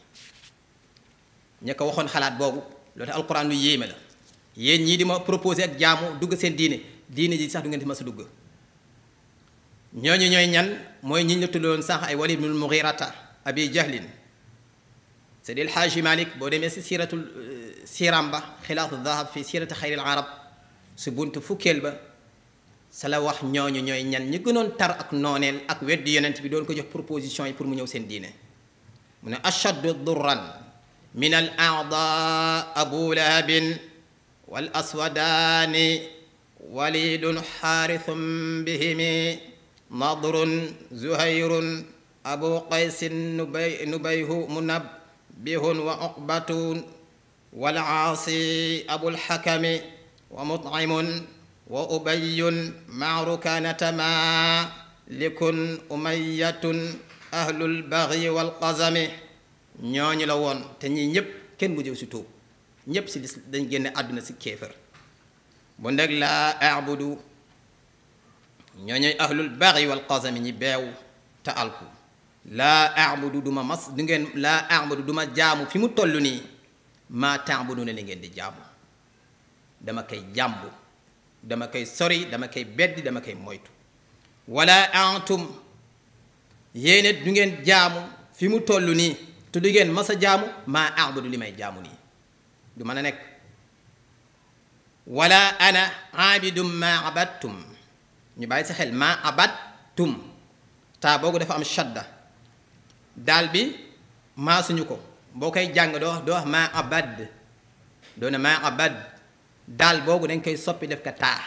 ña ko waxoon xalaat boobu loolu tax alquran lu yéeme la yéen ñii di ma proposé ak jaamu dugg seen diine diine ji sax du ngeen di mas a dugg ñooñu ñooy ñan mooy ñi ñu tuddoon sànq ay Walid ibnul Mughirata Abi Jahlin Seydil Xaaji Malik boo demee si siiratul euh, siiraam ba xilaatu dahab fi siirati xayril arab su bunt fukkeel ba sala wax ñooñu ñooy ñan ñi gënoon tar ak nooneel ak weddi yonent bi doon ko jox proposition yi pour mu ñëw seen diine mu ne ashaddu durran min al aada abu lahabin wal aswadani walidun xaarithum bihimi nadrun zuhayrun abu qaysin nubay nubayhu munabbihun wa uqbatun wal aasi abulxakami wa mutcimun وأبي مع ركانة ما لكن أمية أهل البغي والقزم ñooñu la woon te ñii ñëpp kenn mujjëw si tuub ñëpp si lis dañ génne àdduna si kéefër bu ndeg laa abudu ñooñuy ahlul baxi wal qasami ñi beew te alku laa abudu du ma mas du ngeen laa abudu du ma jaamu fi mu toll nii maa taabudu ne li ngeen di jaamu dama koy jàmbu dama koy sori dama koy beddi dama koy moytu wala antum yene du ngeen jaamu fi mu toll nii te du ngeen mas a jaamu maa aabudu li may jaamu nii du mën a wala ana aabidum maa abattum ñu bàyyi sa xel maa abattum taa boogu dafa am shadda daal bi maasuñu ko boo koy jàng doo wax doo abad doo ne maa abad dal bobu dañ koy soppi def ko taa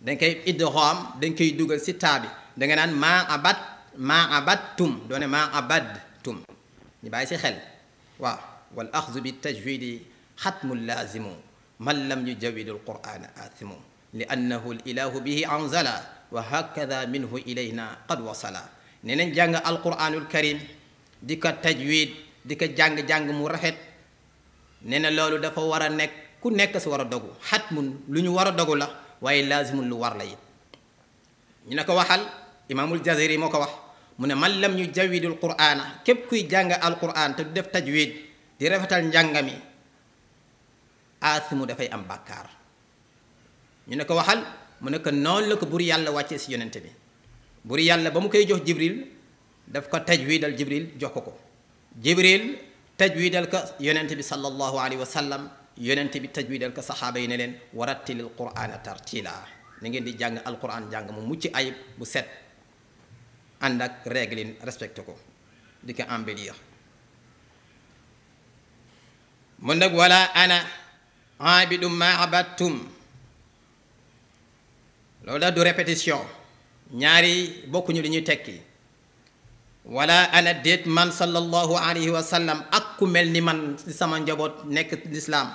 dañ koy idgham dañ koy dugal si taa bi da nga naan maa abad maa abattum doone maa tum ñu bàyyi si xel waaw wal axzu bi tajwidi xatmu laazimu man lam yujawidu alqur'ana aathimu li annahu lilahu bihi anzala wa hakada minhu ilayna qad wasala ne nañ jàng alquranul karim di ko tajwid di ko jàng-jàng mu rafet ne na loolu dafa war a nekk ku nekk si war a dogu xat mun lu ñu war a dogu la waaye laazimun lu war la yit ñu ne ko waxal imamul jaziri moo ko wax mu ne man lam ñu jawidul quraana képp kuy jàng alquran te du def tajwid di rafetal njàng mi aasimu dafay am bàkkaar ñu ne ko waxal mu ne ko noonu la ko buri yàlla wàccee si yonente bi buri yàlla ba mu koy jox jibril daf ko tajwidal jibril jox ko ko jibril tajwidal ko yonente bi sallallahu alayhi wa sallam yonent bi tajwidal ko saxaaba yi ne leen warattilil quraana tartila na ngeen di jàng alquran jàng mu mucc ayib bu set ànd ak réglin respecté ko di ko embellir mun nag wala ana abidu ma abattum loolu daal du répétition ñaari bokkuñu li ñuy tekki wala ana déet man sallallahu alayhi wa sallam ak ku mel ni man sama njaboot nekk lislaam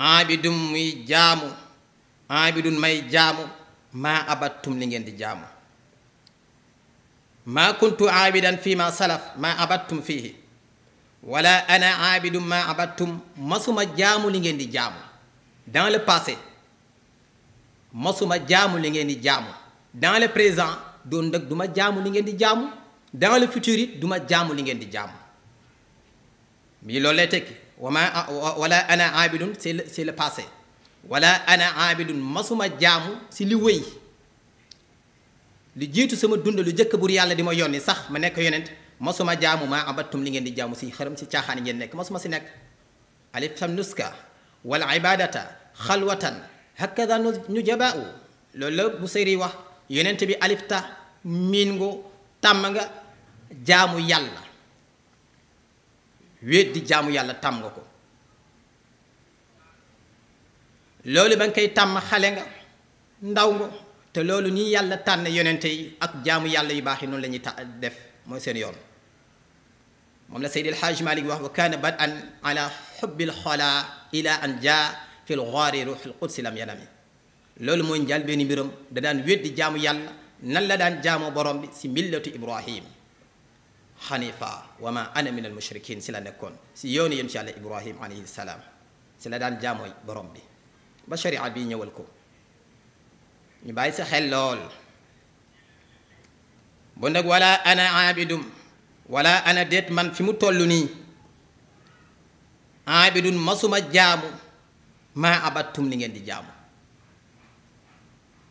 aabidum muy jaamu aabidun may jaamu maa abattum li ngeen di jaamu maa kuntu aabidan fii ma salaf maa abattum fiihi wala ana aabidum maa abattum masuma jaamu li ngeen di jaamu dans le passé masuma jaamu li ngeen di jaamu dans le présent doon dëgg du ma jaamu li ngeen di jaamu dans le futur it jaamu li ngeen di jaamu mii loolu lay tekki وما ولا انا عابد سي لو باسي ولا انا عابد مسوما جام سي لي وي لي جيتو سما دوند لو جيك بور يالا ديما يوني صاح ما نيك يونت مسوما جام ما عبدتم لي ندي جام سي خرم سي تياخان ني نيك مسوما سي نيك الف تم نسكا والعباده خلوه هكذا نجباء لولو بوسيري واخ يونت بي الف تا مينغو تامغا جامو يالا weddi jaamu yàlla tam nga ko loolu ba nga koy tàmm xale nga ndaw nga te loolu ni yàlla tànn yonente yi ak jaamu yàlla yu baax yi noonu la ñuy def mooy seen yoon moom la Seydi El Hadj Malick wax wa kaana bad an ala xubbil xola ila an jaa fi lxaari ruuxil qudsi lam yanami loolu mooy njàlbeeni mbiram da daan weddi jaamu yàlla nan la daan jaamoo borom bi si millatu Ibrahim حنيفا وما أنا من المشركين سلا نكون سيوني يمشي على إبراهيم عليه السلام سلا دان جاموي برمبي بشري بي نيولكو نباي سخل لول بندق ولا أنا عابد ولا أنا ديت من في متولني عابد مسوما جامو ما أبدتم لنجن دي جامو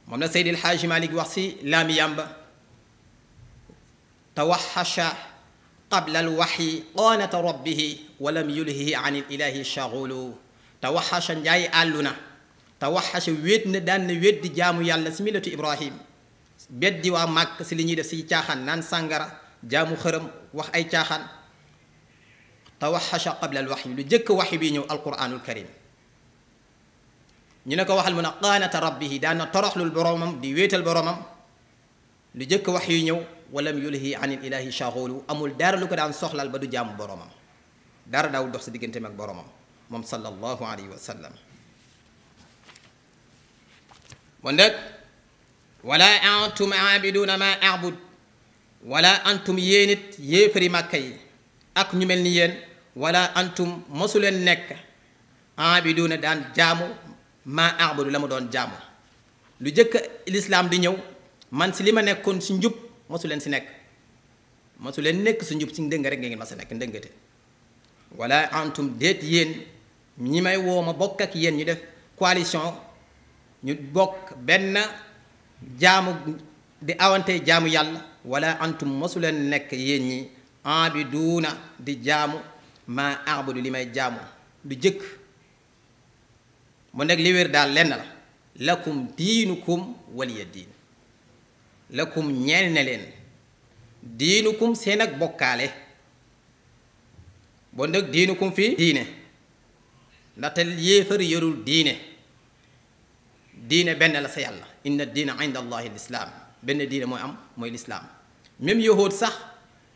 ممنا سيد الحاج مالك وحسي لامي يامبا توحش قبل الوحي قانة ربه ولم يلهه عن الإله شغول توحش جاي ألنا توحش ويدنا دان ويد جامو يالا سميلة إبراهيم بدي ومك سليني دا سي تاخان نان سانغرا جامو خرم وخ أي تاخان توحش قبل الوحي لجك وحي بينيو القرآن الكريم ñu ne ko waxal mu ne qaanata rabbihi daan na toroxlul boromam di wéetal boromam lu ولم يله عن الإله شغول أمول دار لك دان سخل البدو جام بروما دار داود دخس دي كنتمك بروما مم صلى الله عليه وسلم وندك ولا أنتم عابدون ما أعبد ولا أنتم يينت يفري مكي أك نمل نيين ولا أنتم مسلن نك عابدون دان جامو ما أعبد لما دون جامو لجك الإسلام دي نيو من سلمة نكون سنجب mosu leen si nekk mosu leen nekk su njub si ndëng rek ngeen ma si nekk ndëngate wala antum déet yéen ñi may woo ma bokk ak yéen ñu def coalition ñu bokk benn jaamu di awante jaamu yàlla wala antum mosu leen nekk yéen ñi abiduuna di jaamu ma abudu li may jaamu du jëkk mu nekk li wér daal lenn la lakum diinukum waliya diin lakum ñeel na leen diinukum seen ak bokkaale bon nag diinukum fii diine ndaxte yéefar yorul diine diine benn la sa yàlla inna diina inda allahi lislaam benn diine mooy am mooy lislaam même yahud sax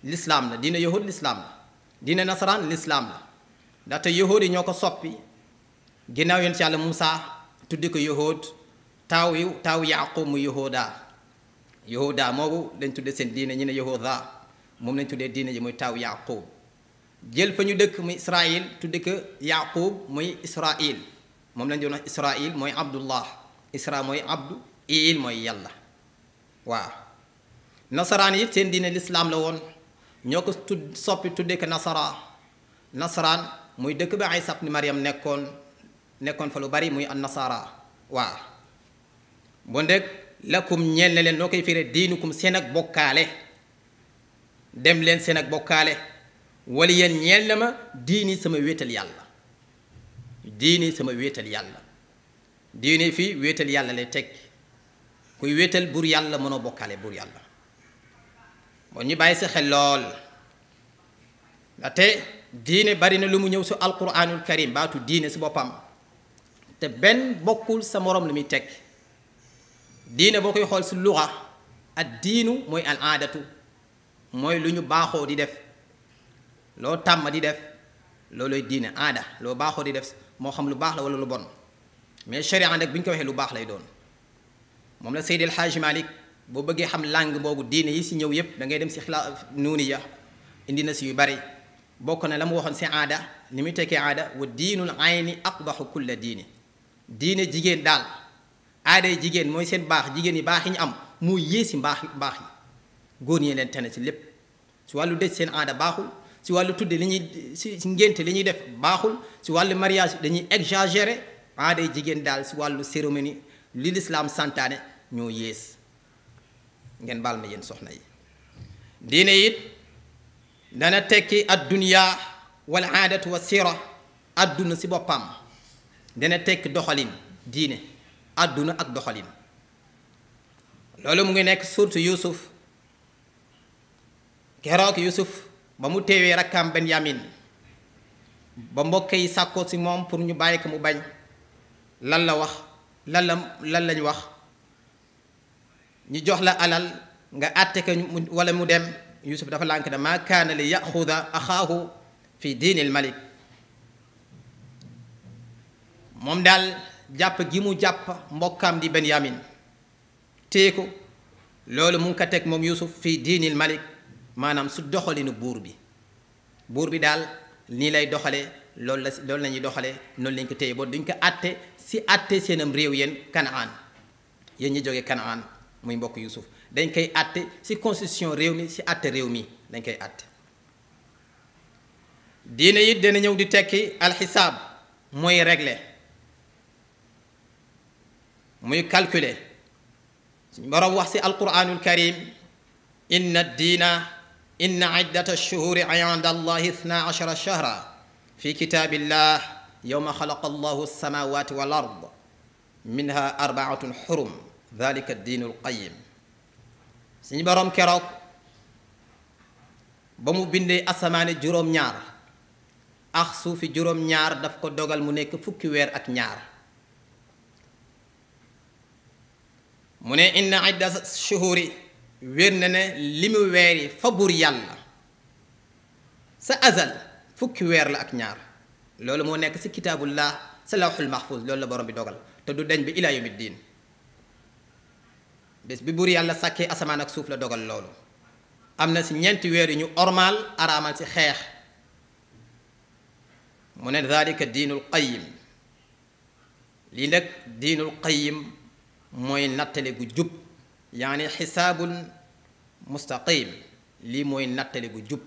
lislaam la diine yahud lislaam la diine nasaraan lislaam la ndaxte yahud yi ñoo ko soppi ginnaaw yonent yàlla Muusa tuddi ko yahud taaw yi taaw yaaqub mu yahuda yahuda moobu dañ tudde seen diine ñu ne yahuda moom lañ tuddee diine ji muy taaw yaqub jël fa ñu dëkk muy israël tudde ko yaqub moy israil moom lañ doon wax israil abdullah isra moy abdu il mooy yàlla waaw nasaraan yi seen diine lislaam la woon ñoo ko tud soppi tudde ko nasara nasaran moy dëkk ba Isa ibn Maryam nekkoon nekkoon fa lu bari muy an nasara waaw bondek lakum ñeel na leen noo koy firee diinukum seen ak bokkaale dem leen seen ak bokkaale walla yéen ñeel na ma diini sama wéetal yàlla diini sama wéetal yàlla diini fii wéetal yàlla lay teg kuy wéetal buur yàlla mënoo bokkaale buur yàlla bon ñu bàyyi sa xel lool ndaxte diine bari na lu mu ñëw su alquranul karim baatu diine si boppam te benn bokkul sa moroom lu muy teg diine boo koy xool si luxa ad diinu mooy al aadatu mooy lu ñu baaxoo di def loo tàmm di def loolooy diine aada loo baaxoo di def moo xam lu baax la wala lu bon mais sharia nag bi ñu ko waxee lu baax lay doon moom la Seydi El Hadji Malick boo bëggee xam langue boobu diine yi si ñëw yëpp da ngay dem si xilaaf nuuni ya indi na si yu bari bokk na la mu waxoon si aada ni muy tekkee aada wa diinul ayni aqbaxu kulla diini diine jigéen daal aaday jigéen mooy seen baax jigéen yi baax yi ñu am moo yéesi mbaax baax yi góor ñi leen tane si lépp si wàllu dëj seen aada baaxul si wàllu tudde li ñuy si ngénte li ñuy def baaxul si wàllu mariage dañuy exagéré aaday jigéen daal si wàllu cérémonie li lislaam santaane ñoo yées ngeen baal ma yéen soxna yi diine it dana tekki adduniya wal aadatu wa sira àdduna si boppam dana tekki doxalin diine aduna ak doxalin lolou mu ngi nek suurtu yusuf keroog yusuf ba mu rakam ben Benyamin ba mbokk yi sàkkoo si moom pour ñu bayé ko mu bañ lan la wax lan la lan lañ wax ñu jox la alal nga àtte ko wala mu dem يوسف dafa لانك ne maa kaana li yaxuda axaahu fi diinil malik moom jàpp gi mu jàpp mbokkam di Benyamin téye ko loolu mu ngi ko teg moom Yuusuf fii diinil malik maanaam su doxalinu buur bi buur bi daal nii lay doxalee loolu la loolu la ñuy doxalee noonu lañ ko téye ba duñ ko àtte si àtte seenam réew yéen Kanaan yéen ñi jógee Kanaan muy mbokk Yuusuf dañ koy àtte si constitution réew mi si àtte réew mi dañ koy àtte diine it dana ñëw di tekki alxisaab mooy régler muy calculer suñu borom wax si alquranul karim inna diina inna iddata shuhuri inda allahi ithna ashara shahra fi kitabillah yowma xalaqa allahu alsamawati wal ard minha arbaatun xurum dalika diinu alqayim suñu borom keroog ba mu bindee asamaane juróom-ñaar ak suufi juróom-ñaar daf ko dogal mu nekk fukki weer ak ñaar mu ne inna adda shuhuri wér na ne li mu weer yi fa buur yàlla sa azal fukki weer la ak ñaar loolu moo nekk si kitabullah sa lawxul mahfuz loolu la borom bi dogal te du deñ bi ila yawmi diin bés bi bur yàlla sàkkee asamaan ak suuf la dogal loolu am na si ñeenti weer yi ñu ormaal araamal si xeex mu ne dalika diinul qayim lii nag diinul qayim mooy nattale gu jub yaani xisaabun mustaqim lii mooy nattale gu jub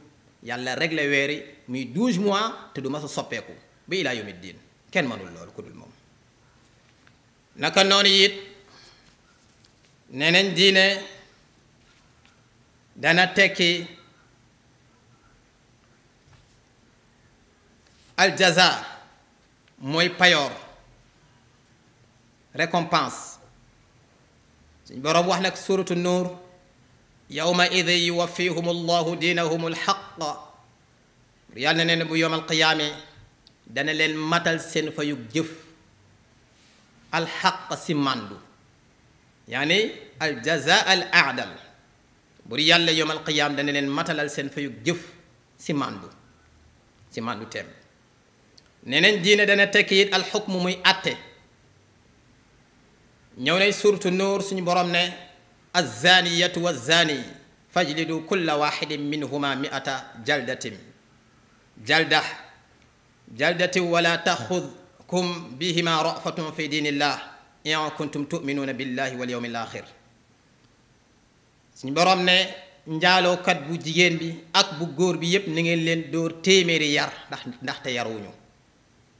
yàlla rek la weeri muy douze mois te du ma sa soppeeku ba ilaa yawmi diin kenn mënul loolu dul moom naka noonu it nee nañ diine dana tekki aljaza mooy payoor récompense برب وحنك سورة النور يوم يومئذ يوفيهم الله دينهم الحق ريالنا ننب يوم القيامة دانا لين متل سين فيجف الحق سماندو يعني الجزاء الأعدل بريالنا يوم القيامة دانا لين متل سين فيجف سماندو سماندو تير ننن دينا دانا تكيد الحكم مي أتي ñëw nay suurtu nuur suñu borom ne azzaaniyatu wazzaani fajlidu kulla waxidin minhuma miata jaldatin jalda jaldatin wala taxudkum bihima rafatun fi diinillah in kuntum tuminuuna billahi wal yawmi alaxir suñu borom ne njaalookat bu jigéen bi ak bu góor bi yépp ni ngeen leen dóor téeméeri yar ndax ndaxte yaruñu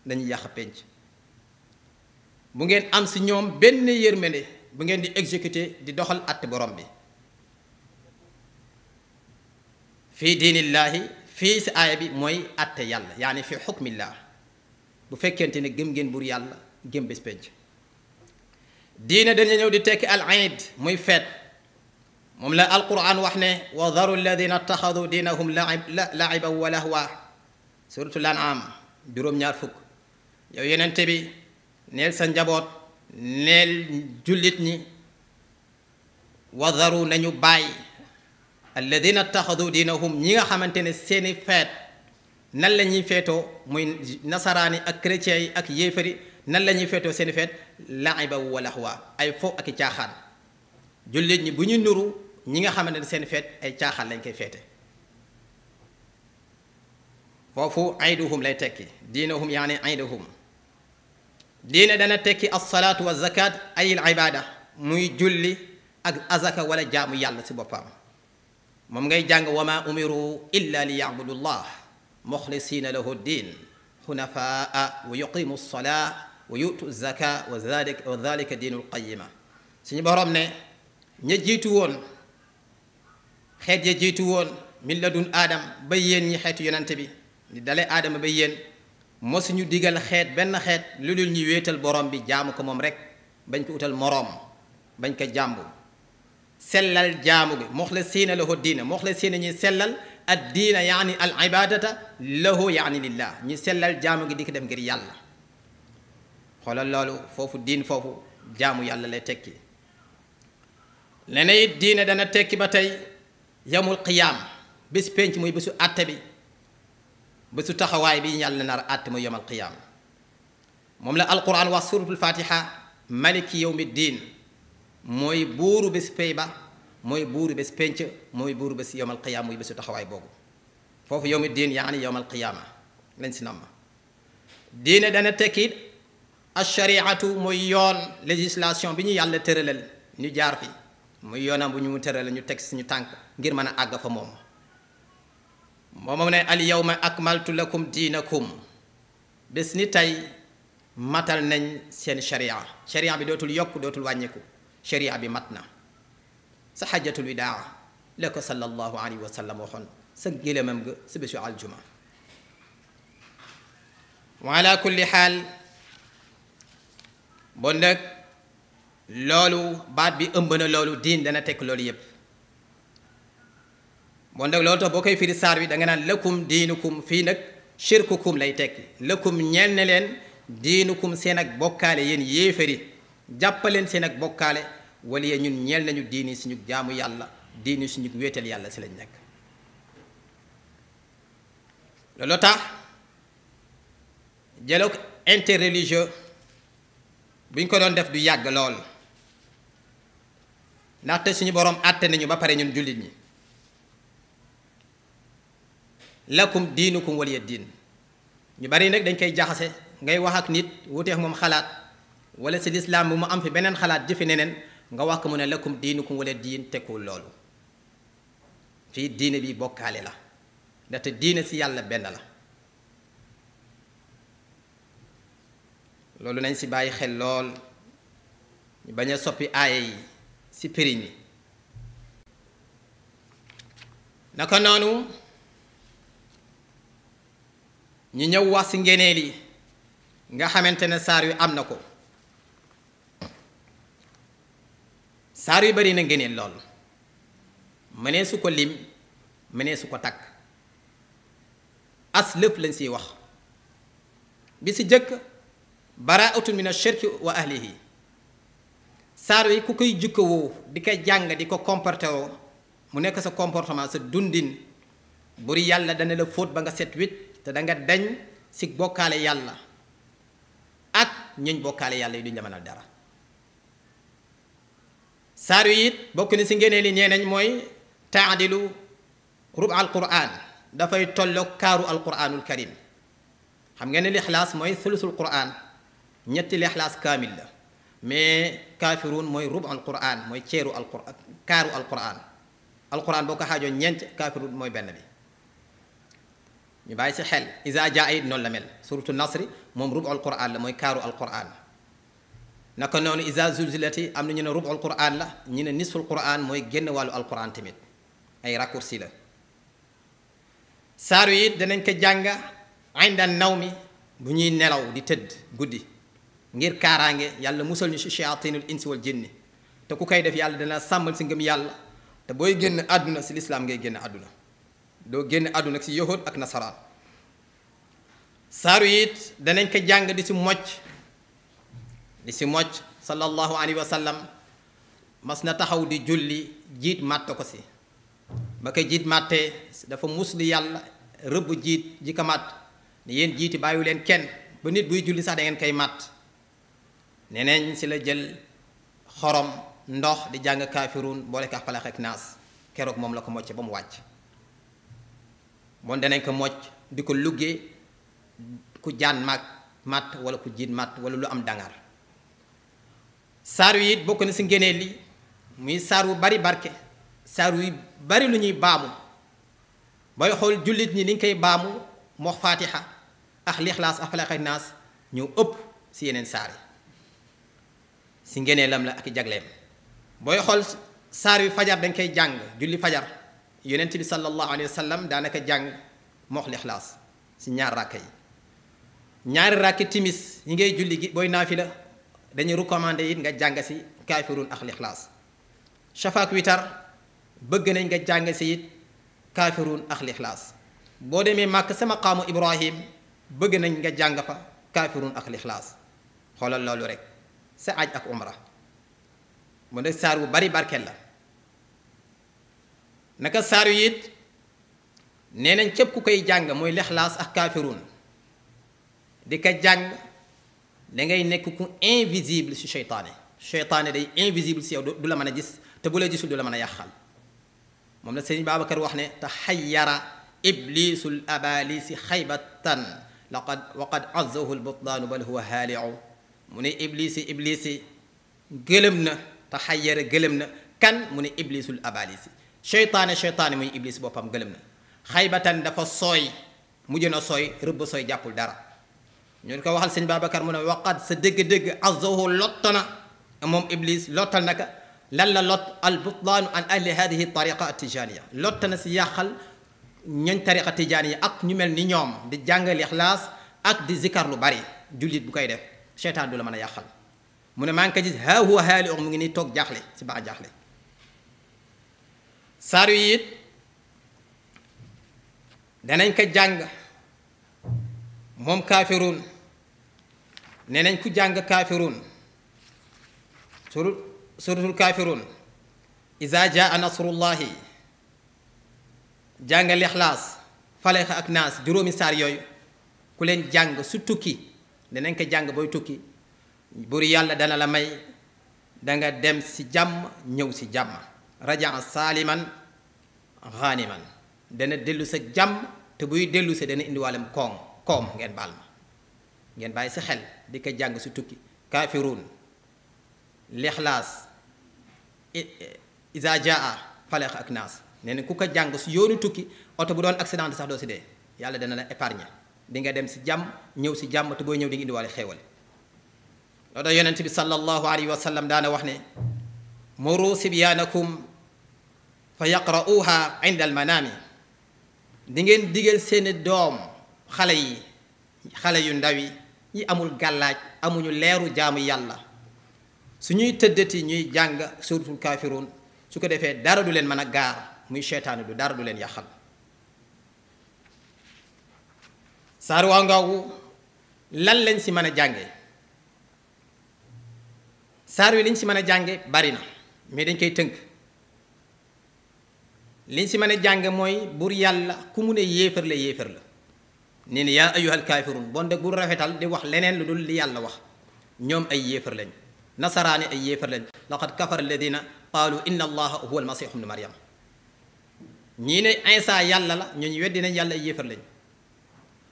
dañuy yàq penc bu ngeen am si ñoom benn yërmande bu ngeen di exécuter di doxal àtte borom bi fii diinillaahi fii si aaya bi mooy àtte yàlla yaani fi xukmillah bu fekkente ne gëm ngeen bur yàlla gëm bés penc diine dañu ñëw di tekki al iid muy feet moom la alquran wax ne wa daru alladina attaxadu diinahum laiban wa lahwa suratul an'am juróom-ñaar fukk yow yenente bi neel sa njaboot neel jullit ñi wadaru nañu bàyyi alladina taxadu diinahum ñi nga xamante ne seeni feet nan la ñuy feetoo muy nasaraani ak chrétiens yi ak yéefari nan la ñuy feetoo seeni feet laiba wa lahwa ay fo ak caaxaan jullit ñi bu ñu nuru ñi nga xamante ne seeni feet ay caaxaan lañ koy feete foofu ayduhum lay tekki diinahum yaani ayduhum diine dana tekki assalaatu wa zakat ay ibada muy julli ak azaka wala jaamu yàlla si boppam moom ngay jàng wa ma umiru illa li yabudu llah muxlisina lahu ddin xunafaa wa yuqimu lsolaa wa yutu zaka wa zalik wa dalika diinu lqayima suñu borom ne ña jiitu woon xeet ya jiitu woon min ladun aadam ba yéen ñi xeetu yonante bi ni dale aadama ba yéen mosuñu digal xeet ben xeet lu dul ñu wéetal borom bi jaamu ko moom rek bañ ko utal moroom bañ ko jàmbu sellal jaamu gi muxlisiina lahu diina muxlisiina ñuy sellal ad diina yaani al ibadata lahu yaani lillah ñu sellal jaamu gi di ko dem ngir yàlla xoolal loolu foofu din foofu jaamu yàlla lay tekki leneen it diine dana tekki ba yamul qiyaam bis penc muy bésu àtte bi بس تخواي بين يالنا نار أتم يوم القيامة مملا القرآن وسورة الفاتحة ملك يوم الدين موي بورو بس بيبا موي بورو بس بنت موي بورو بس يوم القيامة موي بس تخواي بوجو فوف يوم الدين يعني يوم القيامة لنس نما دين دنا تكيد الشريعة موي يون لجيسلاسيون بني يالنا ترلل نجار في موي يونا بني مترلل نجتكس نجتانك غير من أعرف مومه moom ne al yawma akmaltu lakum diinakum bés ni tey matal nañ seen sharia sharia bi dootul yokk dootul wàññeeku sharia bi mat na sa xajatul widaa la ko sallallahu alayhi wa sallam waxoon sa gëlëmam nga sa bésu aljuma wa ala kulli xaal bon nag loolu baat bi ëmb na loolu diin dana tekk loolu yépp bon nag loolu tax boo koy firi saar bi da nga naan lëkkum diinukum fii nag shirkukum lay tekki lëkkum ñeel na leen diinukum seen ak bokkaale yéen yéefari jàppaleen seen ak bokkaale wala yee ñun ñeel nañu diini suñu jaamu yàlla diini suñu wéetal yàlla si lañ nekk loolu tax dialogue interreligieux buñ ko doon def du yàgg lool ndaxte suñu boroom àtte nañu ba pare ñun jullit ñi lakum diinukum waliya diin ñu bari nag dañ koy jaxase ngay wax ak nit wuteex moom xalaat wala si lislaam bu mu am fi beneen xalaat jëfi neneen nga wax ko mu ne lakum diinukum din diin tekkuwul loolu fii diine bi bokkaale la ndaxte diine si yàlla benn la loolu nañ si bàyyi xel lool ñu bañ soppi aaye yi si përiñ yi naka noonu ñi ñew wax si ngeneel nga xamantene saar yu am na ko saar yu bari na ngeneel lool mënee su ko lim mënee su ko tak as lepp lañ ci wax bi ci jëkk baraatun min wa ahlihi saar yi ku koy jukkawoo di ko jang di ko comporté mu nek sa comportement sa dundin buri yalla dana la faute ba nga set wit te da nga dañ si bokkaale yàlla ak ñuñ bokkaale yàlla yi duñ la mënal dara saar yi it bokk ni si ngénee li nee nañ mooy taadilu rub al quran dafay tollo kaaru al quranul karim xam ngeen ne lixlaas mooy thulusul quran ñetti lixlaas kaamil la mais kafirun mooy rub al quran mooy ceeru al quran kaaru al quran al quran boo ko xaajoo ñeent kaafiruun mooy benn bi ñu bàyyi si xel isa jaa it noonu la mel suratu nasri moom rubul quran la mooy kaaru alquran naka noonu isa zulzilati am na ñu ne rubul quran la ñu ne nisful quran mooy génn wàllu alquran tamit ay raccourci la saaru it danañ ko jàng inda naw mi bu ñuy nelaw di tëdd guddi ngir kaaraange yàlla musal ñu si shayatinul insi wal jinni te ku koy def yàlla dana sàmmal si ngëm yàlla te booy génn àdduna si lislaam ngay génn àdduna do génn àdduna si yahud ak nasaraan saaru it danañ ko jàng di si mocc di si mocc sallallahu alayhi wa sallam mas na taxaw di julli jiit màtt ko si ba ko jiit màttee dafa musli yàlla rëbb jiit ji ko màtt ni yéen jiiti bàyyiwu leen kenn ba nit buy julli sax da ngeen koy màtt si la jël xorom ndox di jàng kafirun boole ko ak falaq ak naas keroog moom la ko mocc ba mu moom danañ ko mocc di ko luggee ku jaan mag mat wala ku jiit mat wala lu am dangar saar yi it bokk na si ngéneel li muy saar wu bari barke saar yu bari lu ñuy baamu booy xool jullit ñi liñ koy baamu moo fatiha ak lixlaas ak naas ñu ëpp si yeneen saar yi si lam la ak jagleem booy xool saar yu fajar dañ koy jàng julli fajar yonent bi sallallahu alayhi wa sallam daanaka jàng moox lixlaas si ñaar ràkka yi ñaari ràkki timis yi ngay julli gi booy naafila dañuy recommandé it nga jàng si kaafirun ak lixlaas shafaak witar bëgg nañ nga jàng si it kaafirun ak lixlaas boo demee màkk sa maqaamu ibrahim bëgg nañ nga jàng fa kaafirun ak lixlaas xoolal loolu rek sa aj ak umra mu ne saar wu bari barkeel la naka sar yi neenañ nee ku koy jàng muy lexlaas ak kafirun di ko jàng da ngay nekk ku invisible si seytaane seytaane day invisible si yow du la mën a gis te bu la gisul du la mën a yàqal moom la sëñ Babacar wax ne te xayyara iblisul abalisi xaybatan laqad waqad azzahu lbutlaanu bal huwa haliu mu ne iblisi iblisi gëlëm na te xayyara gëlëm na kan mu ne iblisul abalisi seytaane seytaane muy iblis boppam gëlëm na xaybatan dafa sooy mujj na sooy rëbb sooy jàppul dara ñu ko waxal sëñ Babacar mu ne waqat sa dëgg-dëgg azzahu lott na moom iblis lottal naka lan la lot al butlaanu an ahli hadihi tariqa tijaniya lott na si yàqal ñooñ tariqa tijaniya ak ñu mel ni ñoom di jàngal ixlaas ak di zikar lu bari jullit bu koy def seytaan du la mën a yàqal mu ne maa ngi ko gis haa huwa haali mu ngi nii toog jaaxle si baa jaaxle saar yi it danañ ko jàng moom kaafiruun ne nañ ku jàng kaafiruun suru suratul kaafiruun iza jaa nasrullahi jàngal ixlaas faleex ak naas juróomi saar yooyu ku leen jàng su tukki danañ ko jàng booy tukki buri yàlla dana la may danga dem ci jàmm ñëw ci jàmm rajaa saaliman xaaniman dana dellu sa jàmm te buy dellu sa dana indiwaalem koom koom ngeen baal ma ngeen bàyyi sa xel di ko jàng si tukki kaafiruun lixlaas isa jaa faleex ak naas nee na ku ko jàng si yoonu tukki oto bu doon accident sax doo si dee yàlla dana la épargne di nga dem si jàmm ñëw si jàmm te booy ñëw di nga indiwaale xéewal loolu da yonent bi sallallahu alayhi wa daana wax ne muru sibyaanakum fa yaqra'uha inda almanaami di ngeen digal seeni doom xale yi xale yu ndaw yi yi amul gàllaaj amuñu leeru jaamu yàlla su ñuy tëddati ñuy jàng suuratul kaafiruun su ko defee dara du leen mën a gaar muy seytaane du dara du leen yàqal saar waa ngaawu lan lañ si mën a jànge saar wi lañ si mën a jànge barina na mais dañ koy tënk liñ si mën a jànge mooy bur yàlla ku mu ne yéefar la yéefar la nee na yaa ayyuhal kaafiruun bon de bul rafetal di wax leneen lu dul li yàlla wax ñoom ay yéefar lañ nasaraani ay yéefar lañ laqad kafara alladina qaalu inna allaha huwa almasihu bnu maryam ñii ne insa yàlla la ñooñu weddi nañ yàlla ay yéefar lañ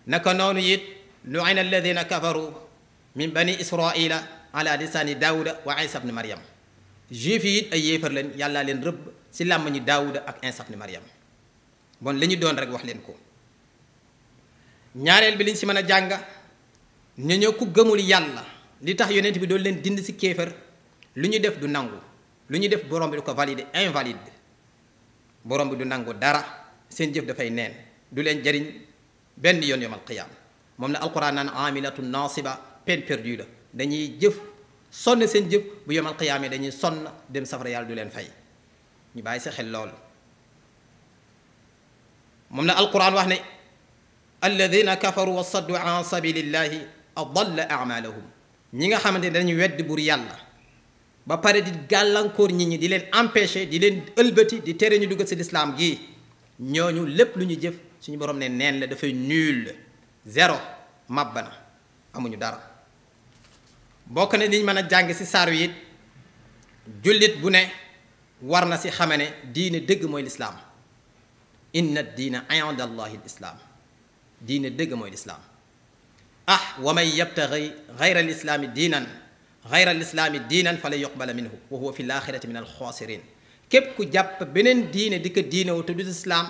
naka noonu it lu'ina alladina kafaru min bani israila ala lisaani daawuda wa isa bnu maryam juif yi it ay yéefar lañ yàllaa leen rëbb si moni daoud ak insaf ni mariam bon li doon rek wax leen ko ñaarel bi liñ ci mëna a jàng ñu ñëw ku gëmul yalla li tax yonent bi doon leen dind si kéfer luñu def du nangu luñu def borom bi ko valide invalide borom bi du nangu dara seen jëf fay neen du leen jariñ yon yom al qiyam mom la alquran naan amilatun nasiba pen perdue la dañuy jëf sonne seen jëf bu al qiyam dañuy son dem safara yalla du leen fay ñu bàyyi sa xel lool moom la alquran wax ne alladina kafaru wasaddu an sabilillahi adalla amalahum ñi nga xamante ne dañu wedd bur yàlla ba pare di gàllankoor nit ñi di leen empêcher di leen ëlbati di tere ñu dugal ci lislaam gi ñooñu lépp lu ñu jëf suñu borom ne neen la dafay nul zéro màbba na amuñu dara bokk na liñ mën a jàng ci saar wi it jullit bu ne warna ci xamane diine deug moy l'islam inna ad diina inda allahi al-islam diine deug moy l'islam ah wa may yabtaghi ghayra al-islam diinan ghayra al-islam diinan fala yuqbal minhu wa huwa fil akhirati min al-khasirin kep ku jàpp benen diine dik diine diinewu te l'islam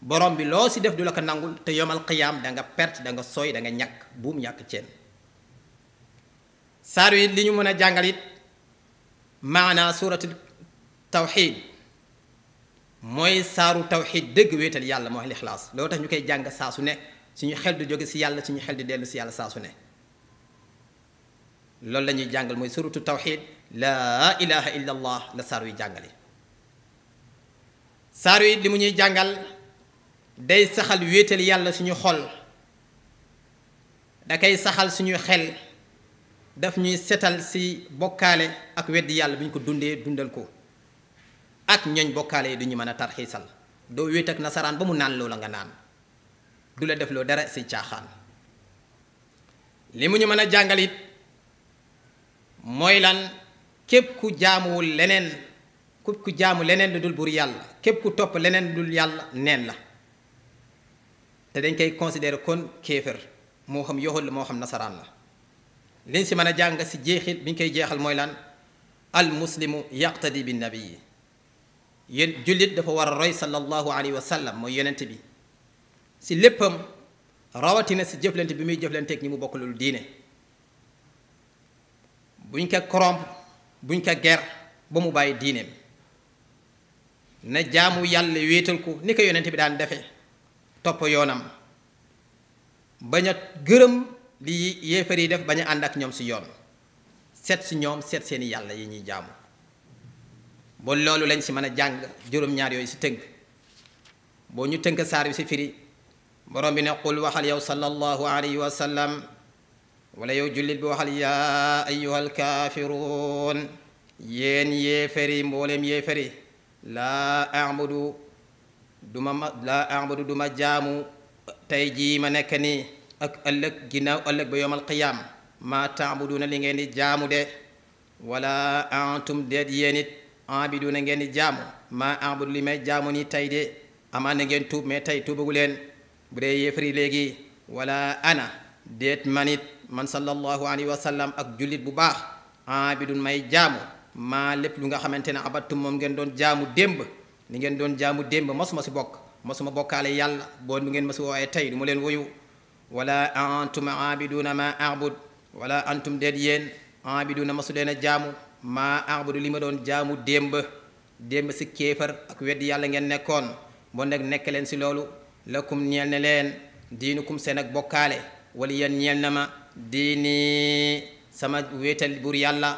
borom bi lo ci def dula ko nangul te yomal qiyam da nga perte da nga soy da nga ñak buum ñak ceen saaru it li ñu mëna jangalit jàngal it suratul tawxiid mooy saaru tawxiid dëgg wéetal yàlla mooy lixlaas loolu tax ñu koy jàng saa su ne suñu xel du jóge si yàlla suñu xel di dellu si yàlla saa su ne loolu la ñuy jàngal mooy suratu tawxiid laa ilaha illa allah la saaru yi jàngale saaru yi li mu ñuy jàngal day saxal wéetal yàlla suñu xol da koy saxal suñu xel daf ñuy setal si bokkaale ak weddi yàlla bu ñu ko dundee dundal ko ak ñooñ bokkaale yi duñu mën a tarxiisal doo wéet ak nasaraan ba mu naan loola nga naan du la def loo dara si caaxaan li mu ñu mën a jàngal it mooy lan képp ku jaamuwul leneen képp ku jaamu leneen lu dul bur yàlla képp ku topp leneen lu dul yàlla neen la te dañ koy considérer kon kéefër moo xam yoxul moo xam nasaraan la liñ si mën a jàng si jeexit koy jeexal mooy lan al muslimu yaqtadi bin nabi جلد دفا وار روي صلى الله عليه وسلم مو يننت بي سي ليبم رواتينا سي جيفلنت بي مي جيفلنت اك نيمو بوكل لول دينه بوين كا كرومب بوين كا غير بومو باي دينم نا جامو يالله ويتال كو نيكا يننت بي دان دافي توپ يونام باغا گرم لي يفري داف باغا اندك نيوم سي يون سيت سي نيوم جامو ba lolou lañ ci mëna jang jurum juróom-ñaar yoy ci tënk bo ñu teunk saar bi ci firi borom bi ne qul waxal yow sallallahu alayhi wa sallam wala yow jullit bi waxal ya ayyuhal ye feri mbolem ye feri la abudu duma la abudu duma jamu tay ji ma nek ni ak ëlëk ginaaw ëlëk ba yowmal qiyam ma ta'buduna li ngeen di jaamu de wala antum deet yéen it abidu na ngeen jamu, ma abudu li jamu jaamu ni tey de amaa na ngeen tuub mais tey tuubagu leen bu dee wala ana det manit man sallallahu alayhi wa sallam ak julit bu baax abidun may jaamu ma lepp lu nga xamantene abattu mom ngeen doon jaamu demb ni ngeen doon jaamu demb masuma si bok masuma bokale yalla bo ngeen masu woy tay leen wuyu wala antum abiduna ma abud wala antum déet yen, abiduna masu leen jaamu maa aabudu li ma doon jaamu démb démb si kéefar ak weddi yàlla ngeen nekkoon bon nag nekk leen si loolu lakum ñeel ne leen diinukum seen ak bokkaale wala yéen ñeel na ma diini sama wéetal buur yàlla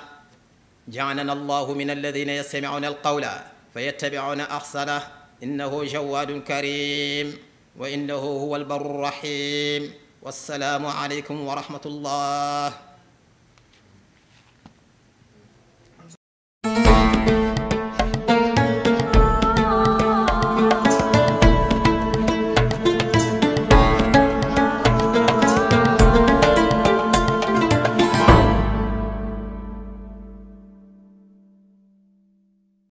jaalana allahu min alladina yastamicuuna alqawla fa yattabicuuna axsana innahu jawaadun karim wa innahu huwa albaru rahim wassalaamu alaykum wa rahmatullah